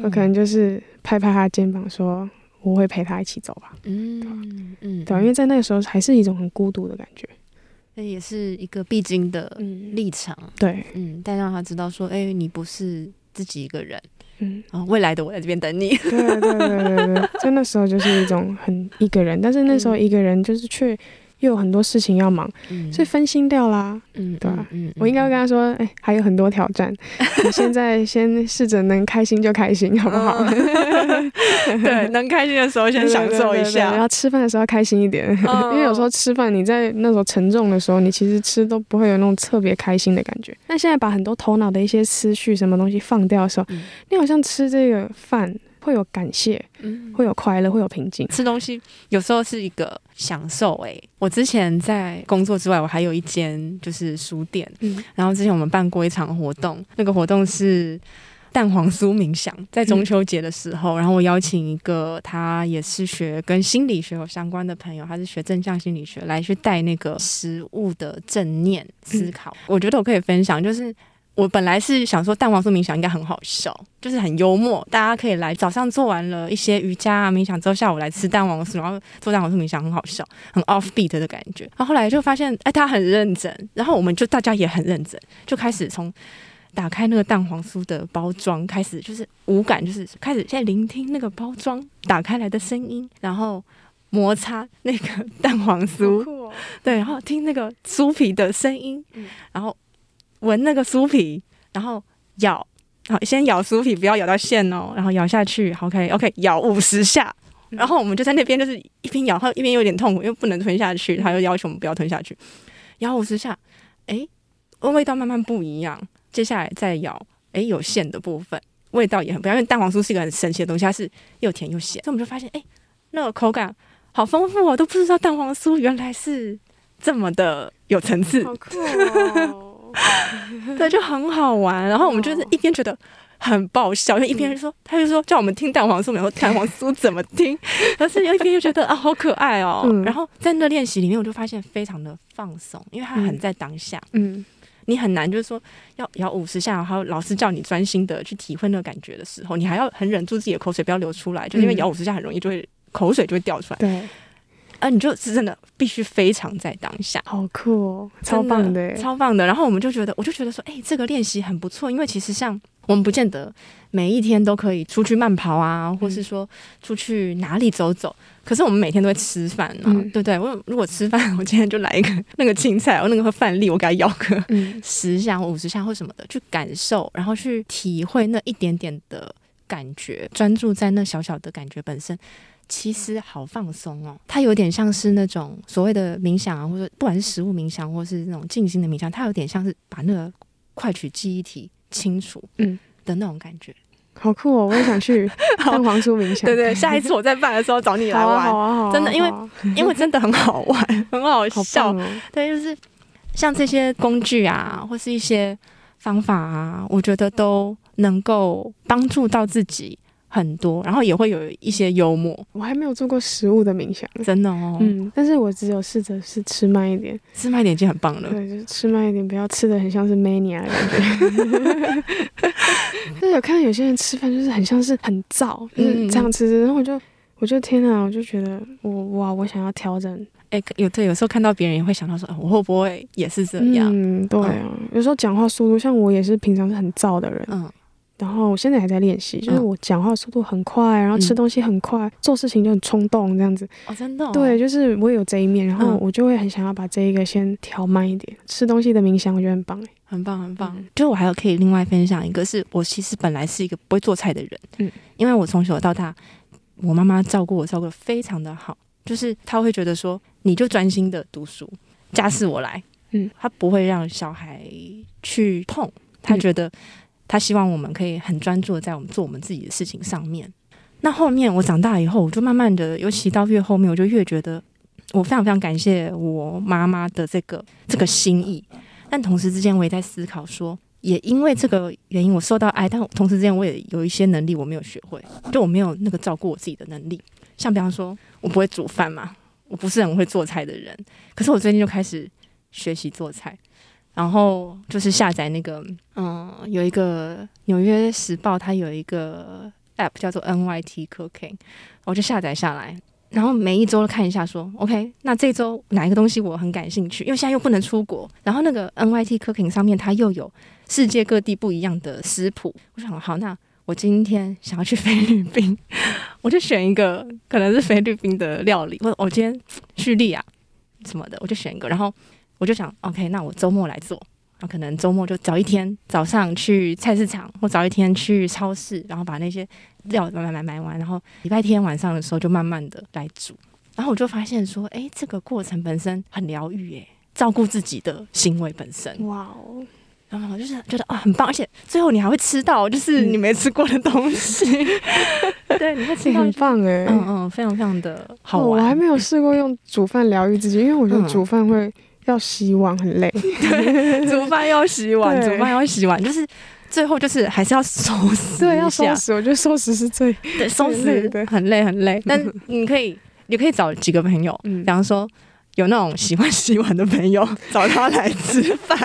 我、oh. 可能就是拍拍他肩膀說，說我會陪他一起走吧。嗯嗯嗯，對吧，嗯、因為在那個時候還是一種很孤獨的感覺，那也是一個必經的歷程，嗯。對，嗯，但讓他知道說，哎、欸，你不是自己一個人。嗯對，哦，未來的我在這邊等你。對對對對對，在 那時候就是一種很一個人，但是那時候一個人就是卻，又有很多事情要忙，所以分心掉啦。嗯，對，我應該會跟他說，哎、欸，還有很多挑戰。 你現在先試着能開心就開心，好不好？嗯、 對，能開心的時候先享受一下。對對對對，然後吃飯的時候開心一點，嗯、因為有時候吃飯你在那種沉重的時候，你其實吃都不會有那種特別開心的感覺。但現在把很多頭腦的一些思緒、什麼東西放掉的時候，嗯、你好像吃這個飯會有感謝，嗯、會有快樂，會有平靜。吃東西有時候是一個。享受誒、欸，我之前在工作之外，我還有一間就是書店。嗯、然後之前我們辦過一場活動，那個活動是蛋黃酥冥想，在中秋節的時候。嗯、然後我邀請一個他也是學跟心理學有相關的朋友，他是學正向心理學來去帶那個食物的正念思考。嗯、我覺得我可以分享，就是。我本來是想說蛋黃酥冥想應該很好笑，就是很幽默，大家可以來早上做完了一些瑜伽，啊、冥想之後，下午來吃蛋黃酥，然後做蛋黃酥冥想，很好笑，很 off beat 的感覺。然後後來就發現，哎、欸，他很認真，然後我們就大家也很認真，就開始從打開那個蛋黃酥的包裝開始，就是五感，就是開始在聆聽那個包裝打開來的聲音，然後摩擦那個蛋黃酥，哦、對，然後聽那個酥皮的聲音，嗯、然後。聞那個酥皮，然後咬，好，先咬酥皮，不要咬到餡哦，然後咬下去，好，OK，OK，、OK, OK, 咬五十下，然後我們就在那邊就是一邊咬，後一邊有點痛苦，又不能吞下去，他又要求我們不要吞下去，咬五十下，哎、欸，味道慢慢不一樣，接下來再咬，哎、欸，有餡的部分味道也很不一樣，因為蛋黃酥是一個很神奇的東西，它是又甜又鹹，的所以我們就發現，哎、欸，那個口感好豐富哦，都不知道蛋黃酥原來是這麼的有層次，好酷哦。 對，就很好玩。然後我們就是一邊覺得很爆笑，又一邊就說，嗯、他就說叫我們聽蛋黃酥，沒有蛋黃酥怎麼聽？可 是又一邊又覺得 啊，好可愛哦。嗯、然後在那練習裡面，我就發現非常的放鬆，因為它很在當下。嗯，你很難就是說要咬五十下，然後老師叫你專心的去體會那感覺的時候，你還要很忍住自己的口水不要流出來，嗯、就是因為咬五十下很容易就會口水就會掉出來。對。啊，你就是真的必須非常在當下，好酷哦，超棒的，的，超棒的。然後我們就覺得，我就覺得說，哎、欸，這個練習很不錯，因為其實像我們不見得每一天都可以出去慢跑啊，或是說出去哪裡走走，嗯、可是我們每天都會吃飯呢、啊，嗯、對不對，對？我如果吃飯，我今天就來一個那個青菜，我、嗯、那個飯粒，我給它咬個十下、五十下或什麼的，去感受，然後去體會那一點點的感覺，專注在那小小的感覺本身。其實好放鬆哦、喔，它有點像是那種所謂的冥想啊，或者不管是食物冥想，或是那種靜心的冥想，它有點像是把那個快取記憶體清除，嗯的那種感覺。嗯、好酷哦、喔，我也想去蛋黃酥冥想。 對、對對，下一次我再辦的時候找你來玩， 好好好，真的，好好好，因為 因為真的很好玩，很好笑。好喔、對，就是像這些工具啊，或是一些方法啊，我覺得都能夠幫助到自己。很多，然後也會有一些幽默。我還沒有做過食物的冥想，真的哦。嗯，但是我只有試着是吃慢一點，吃慢一點已經很棒了。對，就吃慢一點，不要吃的很像是 mania 的。但是我看到有些人吃飯就是很像是很燥，嗯、就是，這樣吃，然後我就，我就天吶，我就覺得我哇，我想要調整。哎、欸，有對，有時候看到別人也會想到說，啊、我會不會也是這樣？嗯，對啊，嗯、有時候講話速度像我也是平常是很燥的人，嗯。然後我現在還在練習，就是我講話速度很快，嗯、然後吃東西很快，嗯、做事情就很衝動，這樣子。哦，真的、哦。對，就是我有這一面，然後我就會很想要把這一個先調慢一點。嗯、吃東西的冥想，我覺得很棒，很棒，很棒。就我還有可以另外分享一個，是我其實本來是一個不會做菜的人，嗯，因為我從小到大，我媽媽照顧我照顧得非常的好，就是她會覺得說，你就專心的讀書，家事我來，嗯，她不會讓小孩去碰，她覺得。嗯他希望我們可以很專注在我們做我們自己的事情上面。那後面我長大以後，我就慢慢的，尤其到越後面，我就越覺得，我非常非常感謝我媽媽的這個這個心意。但同時之間，我也在思考說，也因為這個原因，我受到愛。但同時之間，我也有一些能力我沒有學會，就我沒有那個照顧我自己的能力。像比方說，我不會煮飯嘛，我不是很會做菜的人。可是我最近就開始學習做菜。然後就是下載那個，嗯，有一個《紐約時報》，它有一個 app 叫做 NYT Cooking，我就下載下來。然後每一周都看一下說，說 OK，那這周哪一個東西我很感興趣？因為現在又不能出國。然後那個 NYT Cooking 上面它又有世界各地不一樣的食譜。我想好，那我今天想要去菲律賓，我就選一個可能是菲律賓的料理，或者我今天去利比亞什麼的，我就選一個。然後。我就想，OK，那我周末來做，那可能周末就早一天早上去菜市場，或早一天去超市，然後把那些料買買買買完，然後禮拜天晚上的時候就慢慢的來煮。然後我就發現說，哎，這個過程本身很療癒，哎，照顧自己的行為本身。哇哦，然後我就是覺得啊，很棒，而且最後你還會吃到就是你沒吃過的東西。嗯、 對，你會吃到、欸、很棒哎、欸，嗯嗯，非常非常的好玩、哦、我還沒有試過用煮飯療癒自己，因為我覺得煮飯會。嗯要洗碗很累，煮飯要洗碗，煮飯要洗碗，就對是最後就是還是要收拾，對，要收拾。我覺得收拾是最，對，收拾，收拾的很累很累。 但你可以，你可以找幾個朋友，比方、嗯、說。有那種喜歡洗碗的朋友，找他來吃飯，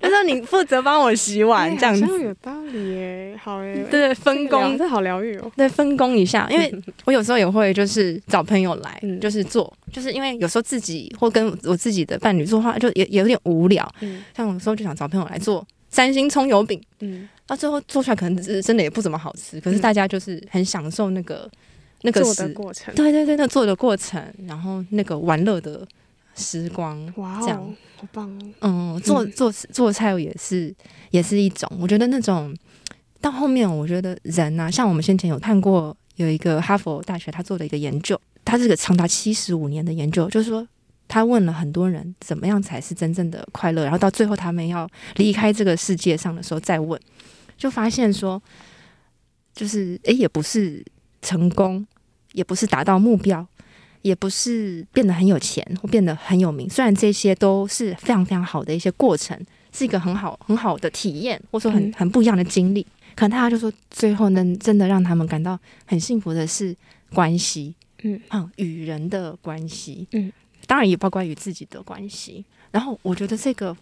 他說：“你負責幫我洗碗， 這樣子有道理耶、欸。”好誒、欸，對對，分工這好療癒哦。對，分工一下，因為我有時候也會就是找朋友來，嗯、就是做，就是因為有時候自己或跟我自己的伴侶做的話，就也也有點無聊。嗯，像有時候就想找朋友來做三星蔥油餅，嗯，到、啊、最後做出來可能真的也不怎麼好吃，可是大家就是很享受那個。嗯那個做的過程，對對對，那做的過程，然後那個玩樂的時光，哇，Wow, 這樣好棒哦。嗯，做做做菜也是也是一種，嗯、我覺得那種到後面，我覺得人吶、啊，像我們先前有看過有一個哈佛大學他做的一個研究，他是個長達七十五年的研究，就是說他問了很多人怎麼樣才是真正的快樂，然後到最後他們要離開這個世界上的時候再問，就發現說，就是哎、欸，也不是成功。也不是達到目標，也不是變得很有錢或變得很有名。雖然這些都是非常非常好的一些過程，是一個很好很好的體驗，或者說很很不一樣的經歷。嗯、可能大家就說，最後能真的讓他們感到很幸福的是關係，嗯，嗯、與人的關係，嗯，當然也包括與自己的關係。然後我覺得這個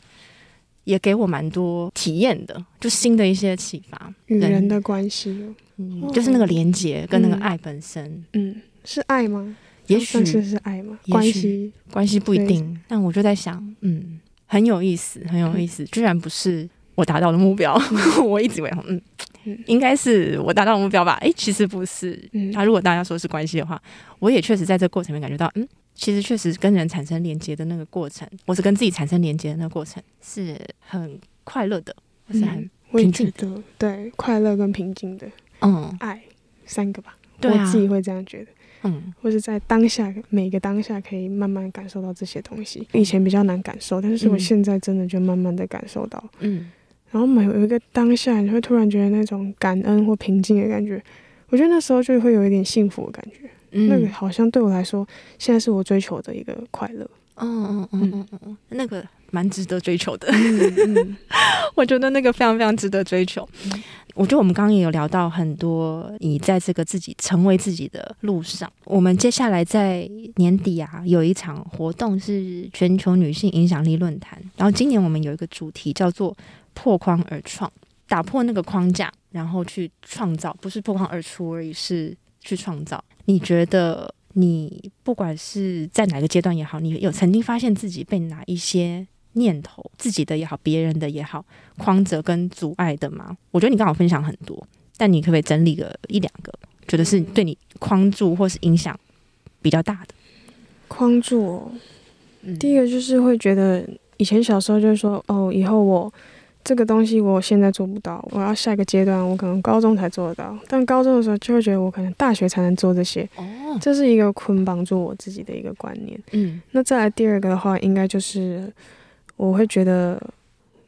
也給我蠻多體驗的，就新的一些啟發。與人的關係。嗯、就是那個連接跟那個愛本身，嗯，嗯，是愛嗎？也許許是，是愛嗎？也許關係關係不一定。嗯、但我就在想，嗯，嗯，嗯，很有意思，很有意思，嗯、居然不是我達到的目標。 我一直以為，嗯，嗯應該是我達到的目標吧？哎、欸，其實不是。那、嗯啊、如果大家說是關係的話，我也確實在這個過程裡感覺到，嗯，其實確實跟人產生連接的那個過程，我是跟自己產生連接的那個過程，是很快樂的，我是很平靜的、嗯，對，快樂跟平靜的。嗯，愛三個吧，對啊，我自己會這樣覺得。嗯，或者在當下每個當下，可以慢慢感受到這些東西。以前比較難感受，但是我現在真的就慢慢的感受到。嗯，然後每有一個當下，你會突然覺得那種感恩或平靜的感覺，我覺得那時候就會有一點幸福的感覺。嗯，那個好像對我來說，現在是我追求的一個快樂。嗯嗯嗯嗯嗯，嗯，那個蠻值得追求的。 我覺得那個非常非常值得追求。我覺得我們剛剛也有聊到很多，你在這個自己成為自己的路上，我們接下來在年底啊有一場活動是全球女性影響力論壇，然後今年我們有一個主題叫做破框而創，打破那個框架，然後去創造，不是破框而出而已，是去創造。你覺得你不管是在哪個階段也好，你有曾經發現自己被哪一些？念頭，自己的也好，別人的也好，框着跟阻礙的嘛。我覺得你剛好分享很多，但你可不可以整理個一兩個，覺得是對你框住或是影響比較大的？框住，哦，嗯、第一個就是會覺得以前小時候就是說，哦，以後我這個東西，我現在做不到，我要下一個階段，我可能高中才做得到。但高中的時候就會覺得我可能大學才能做這些。哦，這是一個捆綁住我自己的一個觀念。嗯，那再來第二個的話，應該就是。我會覺得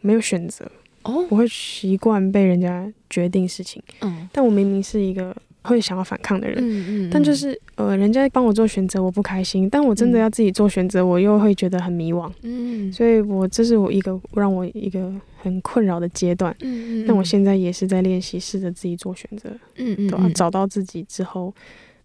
沒有選擇、哦、我會習慣被人家決定事情，嗯、但我明明是一個會想要反抗的人，嗯嗯、但就是呃，人家幫我做選擇，我不開心，但我真的要自己做選擇，我又會覺得很迷惘，嗯、所以我這是我一個讓我一個很困擾的階段，那、嗯嗯、我現在也是在練習試着自己做選擇，嗯、嗯、對吧，找到自己之後。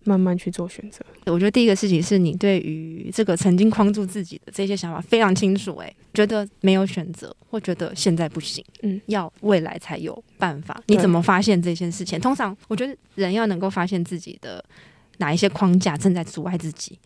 慢慢去做選擇。我覺得第一個事情是你對於這個曾經框住自己的這些想法非常清楚，欸，誒，覺得沒有選擇，或覺得現在不行，嗯，要未來才有辦法。你怎麼發現這些事情？對通常我覺得人要能夠發現自己的哪一些框架正在阻礙自己，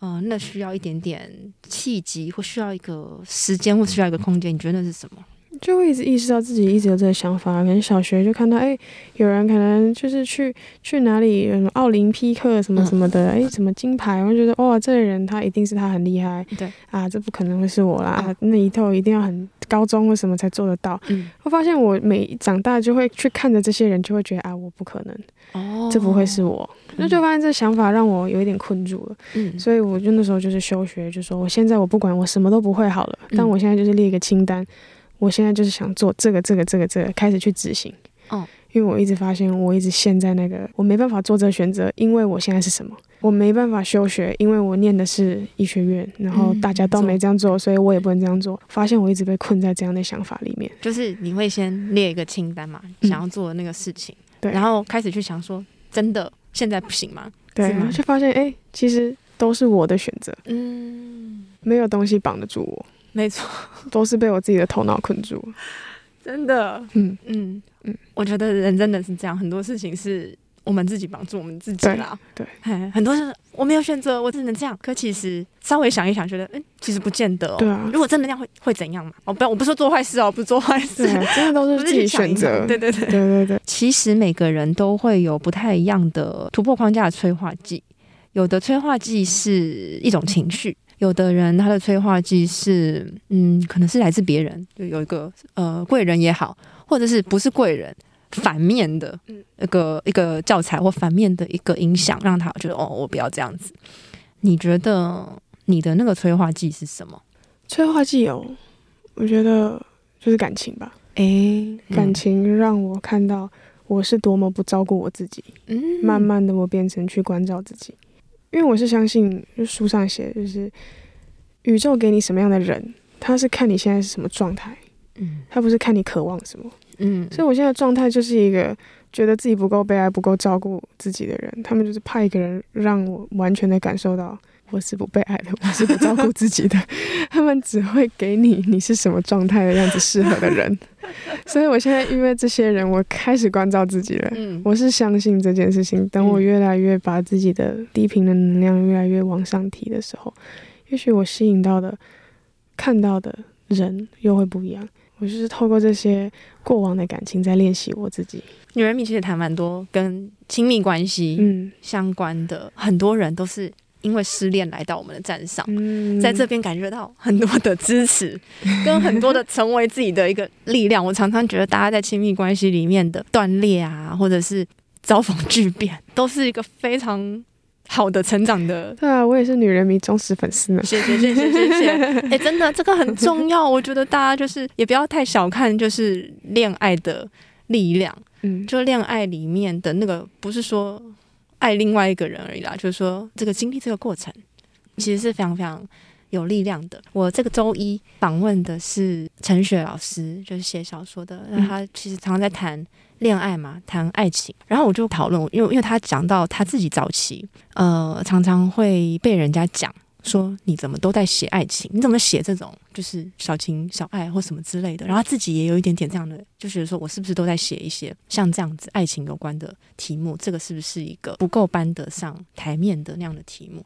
嗯，呃，那需要一點點契機，或需要一個時間，或需要一個空間。你覺得那是什麼？就會一直意識到自己一直有這個想法，可能小學就看到，哎、欸，有人可能就是去去哪裡，有什麼奧林匹克什麼什麼的，哎、欸，什麼金牌，我就覺得哇、哦，這個人他一定是他很厲害，對，啊，這不可能會是我啦，嗯啊、那一套一定要很高中或什麼才做得到。嗯，我發現我每長大就會去看着這些人，就會覺得啊，我不可能，哦，這不會是我，那、嗯、就，就發現這想法讓我有一點困住了。嗯，所以我就那時候就是休學，就說我現在我不管我什麼都不會好了，嗯、但我現在就是列一個清單。我現在就是想做這個、這個、這個、這個，開始去執行。哦，因為我一直發現，我一直陷在那個，我沒辦法做這個選擇，因為我現在是什麼？我沒辦法休學，因為我念的是醫學院，然後大家都沒這樣做，嗯、所以我也不能這樣做。發現我一直被困在這樣的想法裡面。就是你會先列一個清單嘛，想要做的那個事情，嗯、對，然後開始去想說，真的現在不行嗎？對，然後卻嗎發現哎、欸，其實都是我的選擇，嗯，沒有東西綁得住我。沒錯，都是被我自己的頭腦困住， 真的，嗯嗯嗯，嗯我覺得人真的是這樣，很多事情是我們自己幫助我們自己啦。對，對很多是我沒有選擇，我只能這樣。可其實稍微想一想，覺得，嗯，其實不見得、喔，對、啊、如果真的這樣會會怎樣嘛？哦、喔，不要，我不說做壞事哦、喔，不做壞事，真的都是自己選擇，對對對對對對。其實每個人都會有不太一樣的突破框架的催化劑，有的催化劑是一種情緒。有的人他的催化劑是，嗯，可能是來自別人，就有一個呃貴人也好，或者是不是貴人，反面的一個一個教材或反面的一個影響，讓他覺得哦，我不要這樣子。你覺得你的那個催化劑是什麼？催化劑有，我覺得就是感情吧。誒、欸，感情讓我看到我是多麼不照顧我自己。嗯，慢慢的我變成去關照自己。因為我是相信，就書上寫的，就是宇宙給你什麼樣的人，他是看你現在是什麼狀態，嗯，他不是看你渴望什麼，嗯，嗯，嗯，所以我現在狀態就是一個覺得自己不夠被愛、不夠照顧自己的人。他們就是派一個人讓我完全的感受到我是不被愛的，我是不照顧自己的。 他們只會給你你是什麼狀態的樣子適合的人。 所以，我現在因為這些人，我開始關照自己了。嗯，我是相信這件事情。等我越來越把自己的低頻的能量越來越往上提的時候，也許我吸引到的、看到的人又會不一樣。我就是透過這些過往的感情在練習我自己。女人迷其實談蠻多跟親密關係相關的，很多人都是。因為失戀來到我們的站上，在這邊感覺到很多的支持，跟很多的成為自己的一個力量。 我常常覺得，大家在親密關係裡面的斷裂啊，或者是遭逢巨變，都是一個非常好的成長的。對啊，我也是女人迷忠實粉絲們。謝謝，謝謝，謝謝，哎、 欸，真的這個很重要。我覺得大家就是也不要太小看，就是戀愛的力量，嗯，就戀愛裡面的那個，不是說。愛另外一個人而已啦，就是說這個經歷這個過程，嗯、其實是非常非常有力量的。我這個周一訪問的是陳雪老師，就是寫小說的，那、嗯、他其實常常在談戀愛嘛，談愛情，然後我就討論，因為因為他講到他自己早期，呃，常常會被人家講。說你怎麼都在寫愛情？你怎麼寫這種就是小情小愛或什麼之類的？然後他自己也有一點點這樣的，就是說我是不是都在寫一些像這樣子愛情有關的題目？這個是不是一個不夠搬得上台面的那樣的題目？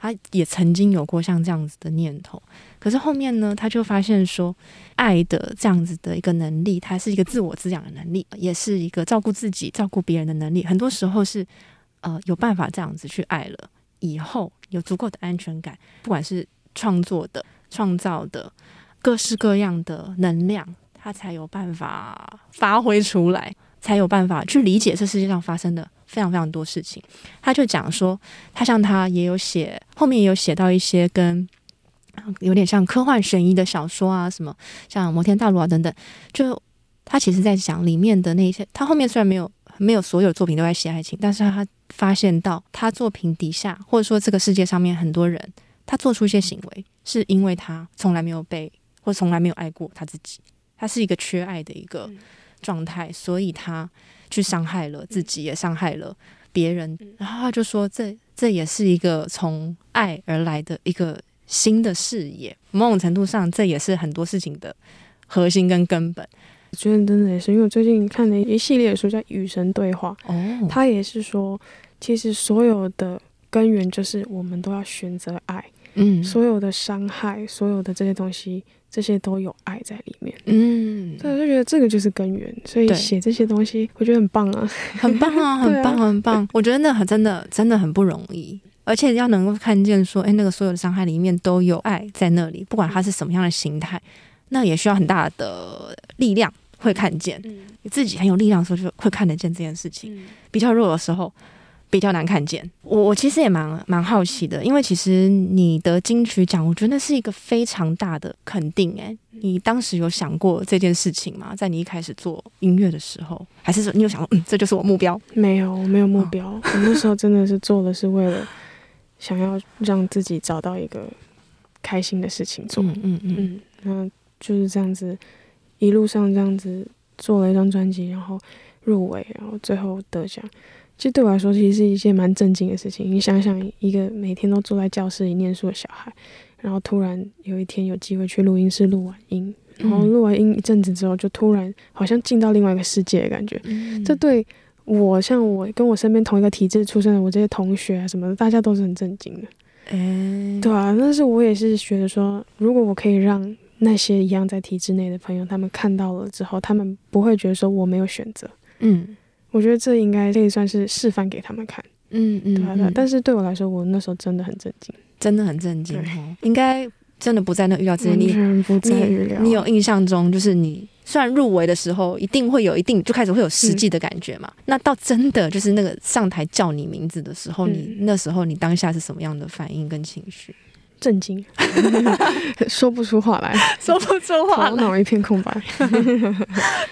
他也曾經有過像這樣子的念頭，可是後面呢，他就發現說，愛的這樣子的一個能力，它是一個自我滋養的能力，呃，也是一個照顧自己、照顧別人的能力。很多時候是，呃，有辦法這樣子去愛了。以後有足夠的安全感，不管是創作的、創造的、各式各樣的能量，他才有辦法發揮出來，才有辦法去理解這世界上發生的非常非常多事情。他就講說，他像他也有寫，後面也有寫到一些跟有點像科幻懸疑的小說啊，什麼像《摩天大樓》啊等等，就他其實在講裡面的那些，他後面雖然沒有。沒有所有作品都在寫愛情，但是他發現到他作品底下，或者說這個世界上面很多人，他做出一些行為，是因為他從來沒有被，或從來沒有愛過他自己，他是一個缺愛的一個狀態，所以他去傷害了自己，也傷害了別人。然後他就說，這這也是一個從愛而來的一個新的視野，某種程度上，這也是很多事情的核心跟根本。我覺得真的也是，因為我最近看了一系列的書，叫《與神對話》。哦，他也是說，其實所有的根源就是我們都要選擇愛。嗯，所有的傷害，所有的這些東西，這些都有愛在裡面。嗯，所以我就覺得這個就是根源。所以寫這些東西，我覺得很棒啊，對 很棒啊，很棒啊，很棒。我覺得那很真的，真的很不容易，而且要能夠看見說，哎，那個所有的傷害裡面都有愛在那裡，不管它是什麼樣的形態。那也需要很大的力量會看見，嗯、你自己很有力量的時候就會看得見這件事情，嗯、比較弱的時候比較難看見。我我其實也蠻蠻好奇的，嗯、因為其實你的金曲獎，我覺得那是一個非常大的肯定。哎、嗯，你當時有想過這件事情嗎？在你一開始做音樂的時候，還是說你有想過，嗯，這就是我目標？沒有，我沒有目標。哦、我那時候真的是做的是為了想要讓自己找到一個開心的事情做。嗯嗯嗯。嗯嗯嗯就是這樣子，一路上這樣子做了一張專輯，然後入圍，然後最後得獎。其實對我來說，其實是一件蠻震驚的事情。你想想，一個每天都坐在教室裡念書的小孩，然後突然有一天有機會去錄音室錄完音，然後錄完音一陣子之後，就突然好像進到另外一個世界的感覺。嗯、這對我，像我跟我身邊同一個體制出生的我這些同學啊什麼的，大家都是很震驚的。哎、欸，對啊，但是我也是學着說，如果我可以讓。那些一樣在體制內的朋友，他們看到了之後，他們不會覺得說我沒有選擇。嗯，我覺得這應該可以算是示範給他們看。嗯嗯,嗯對吧。但是對我來說，我那時候真的很震驚，真的很震驚。對應該真的不在那預料之前你，你有印象中，就是你算入圍的時候，一定會有一定就開始會有實際的感覺嘛？嗯、那到真的就是那個上台叫你名字的時候，嗯、你那時候你當下是什麼樣的反應跟情緒？震驚，說不出話來，說不出話，頭腦一片空白，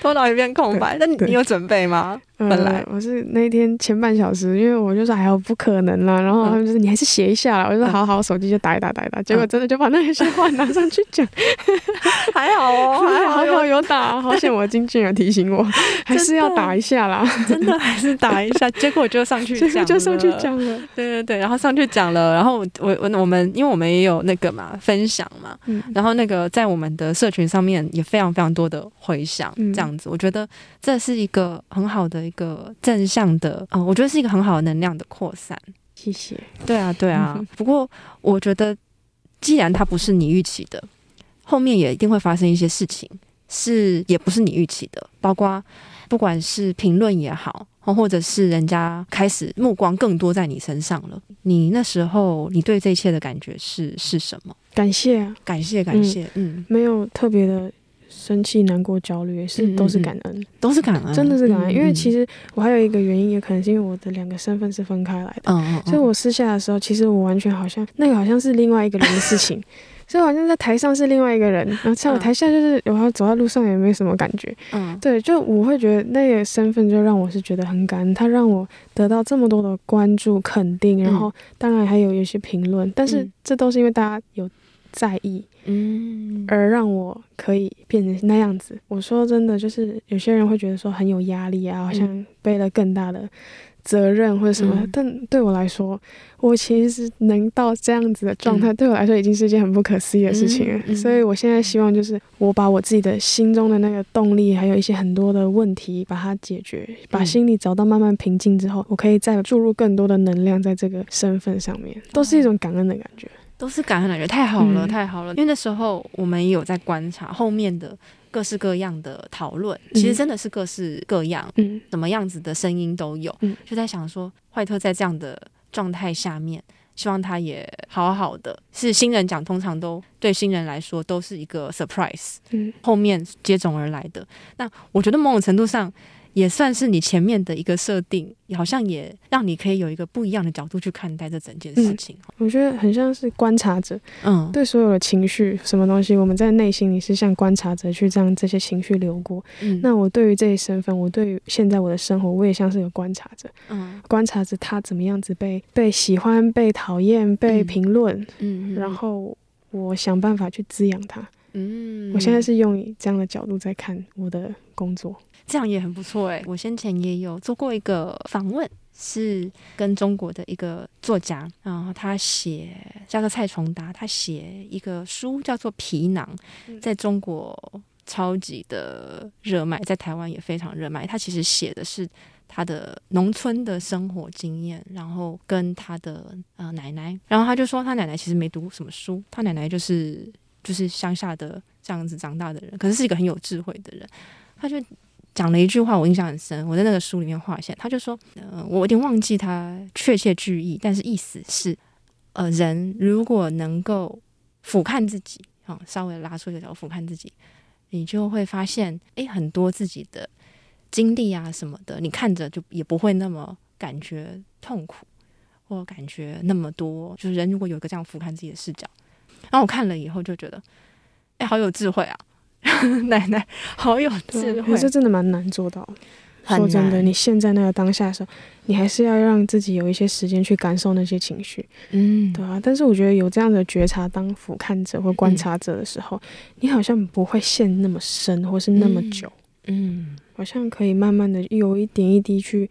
頭腦一片空白。那你,你有準備嗎？呃、本來我是那天前半小時，因為我就說、是、哎呀不可能了，然後他們就說、是嗯、你還是寫一下，我就說好,好，好、嗯，手機就打一打，打一打，結果真的就把那些話拿上去講，嗯、還好、哦。 有打、啊，好險！我經紀人提醒我，還是要打一下啦 真。真的還是打一下，結果就上去講了。對對對，然後上去講了。然後我我我們因為我們也有那個嘛，分享嘛。嗯、然後那個在我們的社群上面也非常非常多的迴響，這樣子，嗯、我覺得這是一個很好的一個正向的，啊、呃，我覺得是一個很好的能量的擴散。謝謝。對啊，對啊，對啊。不過我覺得，既然它不是你預期的，後面也一定會發生一些事情，是也不是你預期的，包括不管是評論也好，或者是人家開始目光更多在你身上了，你那時候你對這一切的感覺是是什麼？感謝啊，感謝感謝，嗯，嗯，沒有特別的生氣、難過焦、焦慮，也是都是感恩，都是感恩，嗯嗯，感恩真的是感恩。嗯嗯，因為其實我還有一個原因，也可能是因為我的兩個身份是分開來的，嗯哦哦，所以我私下的時候，其實我完全好像那個好像是另外一個人的事情。 所以好像在台上是另外一個人，然後在我台下就是，有時候走在路上也沒有什麼感覺。嗯、對，就我會覺得那個身份就讓我是覺得很感恩，他讓我得到這麼多的關注、肯定，然後當然還有一些評論，嗯、但是這都是因為大家有在意，嗯，而讓我可以變成那樣子。我說真的，就是有些人會覺得說很有壓力啊，好像背了更大的。責任或者什麼，嗯、但對我來說，我其實能到這樣子的狀態，嗯、對我來說已經是一件很不可思議的事情。嗯嗯、所以我現在希望就是，我把我自己的心中的那個動力，還有一些很多的問題，把它解決，把心裡找到慢慢平靜之後，嗯、我可以再注入更多的能量在這個身份上面，哦、都是一種感恩的感覺，都是感恩的感覺，太好了，嗯、太好了。因為那時候我們也有在觀察後面的。各式各樣的討論，其實真的是各式各樣，嗯，什麼樣子的聲音都有，嗯，就在想說，壞特在這樣的狀態下面，希望他也好好的。是新人獎，通常都對新人來說都是一個 surprise，嗯，後面接踵而來的。那我覺得某種程度上。也算是你前面的一個設定，好像也讓你可以有一個不一樣的角度去看待這整件事情。嗯，我覺得很像是觀察者，嗯，對所有的情緒，什麼東西，我們在內心裡是像觀察者去讓這，這些情緒流過。嗯，那我對於這些身份，我對於現在我的生活，我也像是個觀察者，嗯，觀察着他怎麼樣子被被喜歡、被討厭、被評論，嗯，然後我想辦法去滋養他。嗯，我現在是用這樣的角度在看我的工作。這樣也很不錯哎！我先前也有做過一個訪問，是跟中國的一個作家，然後他寫叫做蔡崇達，他寫一個書叫做《皮囊》，在中國超級的熱賣，在台灣也非常熱賣。他其實寫的是他的農村的生活經驗，然後跟他的呃奶奶，然後他就說他奶奶其實沒讀什麼書，他奶奶就是就是鄉下的這樣子長大的人，可是是一個很有智慧的人，他就。講了一句話，我印象很深。我在那個書裡面劃線，他就說：“呃，我有點忘記他確切句意，但是意思是，呃，人如果能夠俯瞰自己，啊、嗯，稍微拉出一個角度俯瞰自己，你就會發現，哎，很多自己的經歷啊什麼的，你看着就也不會那麼感覺痛苦，或感覺那麼多。就是人如果有一個這樣俯瞰自己的視角，然後我看了以後就覺得，哎，好有智慧啊。” 奶奶好有智慧！這真的蠻難做到，很難。說真的，你現在那個當下的時候，你還是要讓自己有一些時間去感受那些情緒，嗯，對啊。但是我覺得有這樣的覺察，當俯瞰者或觀察者的時候，嗯、你好像不會陷那麼深，或是那麼久，嗯，嗯好像可以慢慢的有一點一滴去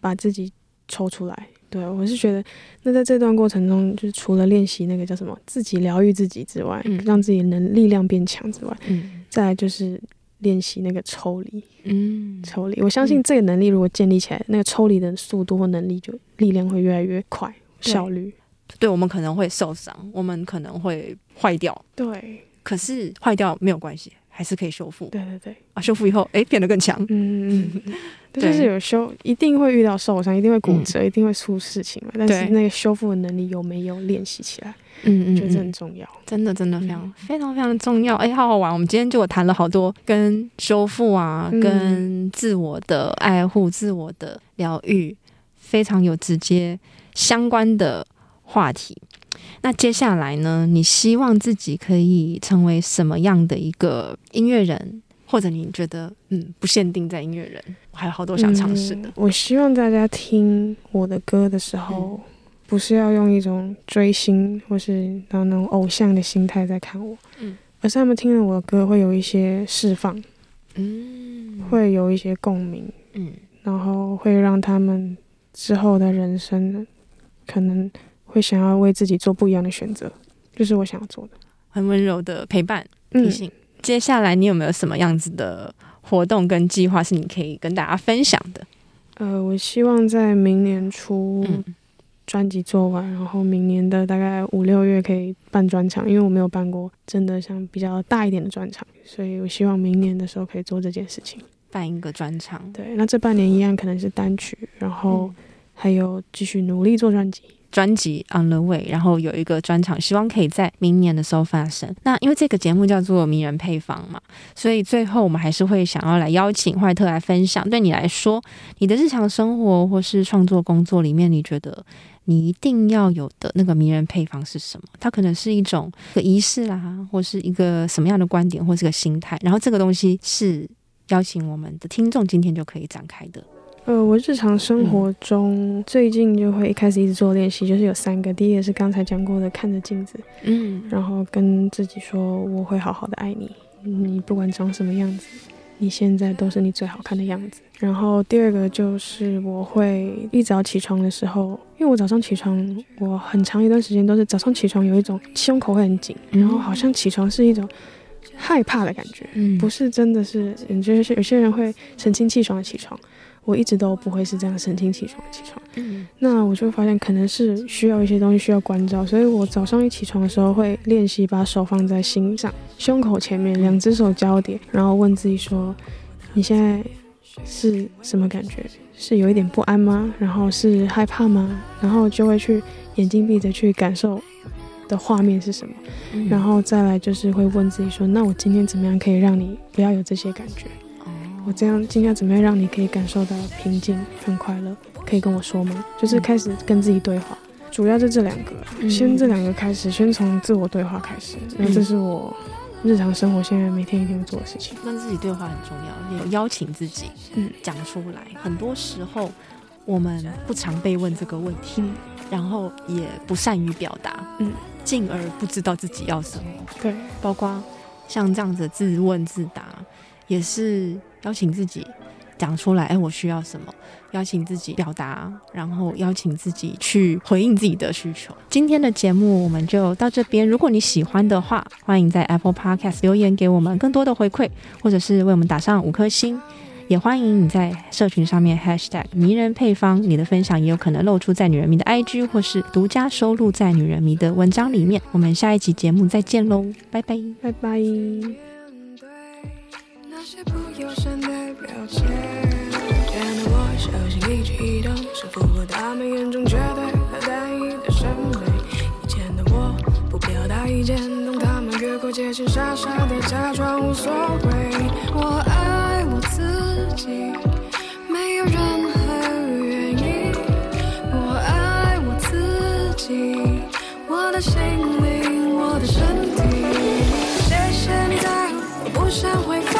把自己抽出來。對，我是覺得，那在這段過程中，就是除了練習那個叫什麼，自己療癒自己之外，嗯、讓自己能力量變強之外，嗯、再就是練習那個抽離，嗯，抽離。我相信這個能力如果建立起來，那個抽離的速度或能力就力量會越來越快，嗯、效率對。對，我們可能會受傷，我們可能會壞掉，對，可是壞掉沒有關係。還是可以修復，對對對，啊，修復以後，誒、欸、變得更強，嗯 就，就是有修，一定會遇到受傷，一定會骨折，嗯、一定會出事情嘛。嗯、但是那個修復的能力有沒有練習起來？嗯嗯對，我覺得很重要，真的真的非常、嗯、非常非常的重要。哎、欸，好好玩，我們今天就談了好多跟修復啊，嗯、跟自我的愛護、自我的療癒，非常有直接相關的話題。那接下來呢？你希望自己可以成為什麼樣的一個音樂人？或者你覺得，嗯，不限定在音樂人，我還有好多想嘗試的。嗯，我希望大家聽我的歌的時候，不是要用一種追星或是那種偶像的心態在看我，嗯，而是他們聽了我的歌會有一些釋放，嗯，會有一些共鳴，嗯，然後會讓他們之後的人生可能，會想要為自己做不一樣的選擇，就是我想要做的。很溫柔的陪伴提醒。嗯、接下來你有沒有什麼樣子的活動跟計劃是你可以跟大家分享的？呃，我希望在明年初專輯做完，嗯、然後明年的大概五六月可以辦專場，因為我沒有辦過真的像比較大一點的專場，所以我希望明年的時候可以做這件事情，辦一個專場。對，那這半年一樣可能是單曲，然後還有繼續努力做專輯。嗯專輯《On the Way》，然後有一個專場，希望可以在明年的時候發生。那因為這個節目叫做“迷人配方”嘛，所以最後我們還是會想要來邀請壞特來分享。對你來說，你的日常生活或是創作工作裡面，你覺得你一定要有的那個迷人配方是什麼？它可能是一種一個儀式啦，或是一個什麼樣的觀點，或是個心態。然後這個東西是邀請我們的聽眾今天就可以展開的。呃，我日常生活中、嗯、最近就會一開始一直做練習，就是有三個。第一個是剛才講過的，看着鏡子，嗯，然後跟自己說，我會好好的愛你，你不管長什麼樣子，你現在都是你最好看的樣子。然後第二個就是我會一早起床的時候，因為我早上起床，我很長一段時間都是早上起床有一種胸口會很緊，嗯、然後好像起床是一種害怕的感覺，嗯、不是真的是，就是有些人會神清氣爽的起床。我一直都不會是這樣神清氣爽起床起床，那我就發現可能是需要一些東西需要關照，所以我早上一起床的時候會練習把手放在心上，胸口前面兩只手交疊，然後問自己說，你現在是什麼感覺？是有一點不安嗎？然後是害怕嗎？然後就會去眼睛閉着去感受的畫面是什麼？然後再來就是會問自己說，那我今天怎麼樣可以讓你不要有這些感覺？我這樣今天怎麼樣讓你可以感受到平靜、很快樂？可以跟我說嗎？就是開始跟自己對話，嗯、主要就這兩個，嗯、先這兩個開始，先從自我對話開始。那這是我日常生活現在每天一定會做的事情。跟自己對話很重要，有邀請自己，嗯，講出來。很多時候我們不常被問這個問題，然後也不善於表達，嗯，進而不知道自己要什麼。對，包括像這樣子自問自答，也是。邀請自己講出來，哎、欸，我需要什麼？邀請自己表達，然後邀請自己去回應自己的需求。今天的節目我們就到這邊。如果你喜歡的話，歡迎在 Apple Podcast 留言給我們更多的回饋，或者是為我們打上五顆星。也歡迎你在社群上面 hashtag 迷人配方，你的分享也有可能露出在女人迷的 IG 或是獨家收錄在女人迷的文章裡面。我們下一集節目再見嘍，拜拜，拜拜。些不友善的表情。以前的我小心一舉一動，守護著他們眼中絕對和單一的審美。以前的我不表達意見，當他們越過界限，傻傻的假裝無所謂。我愛我自己，沒有任何原因。我愛我自己，我的心靈，我的身體。謝謝你打我不想回復。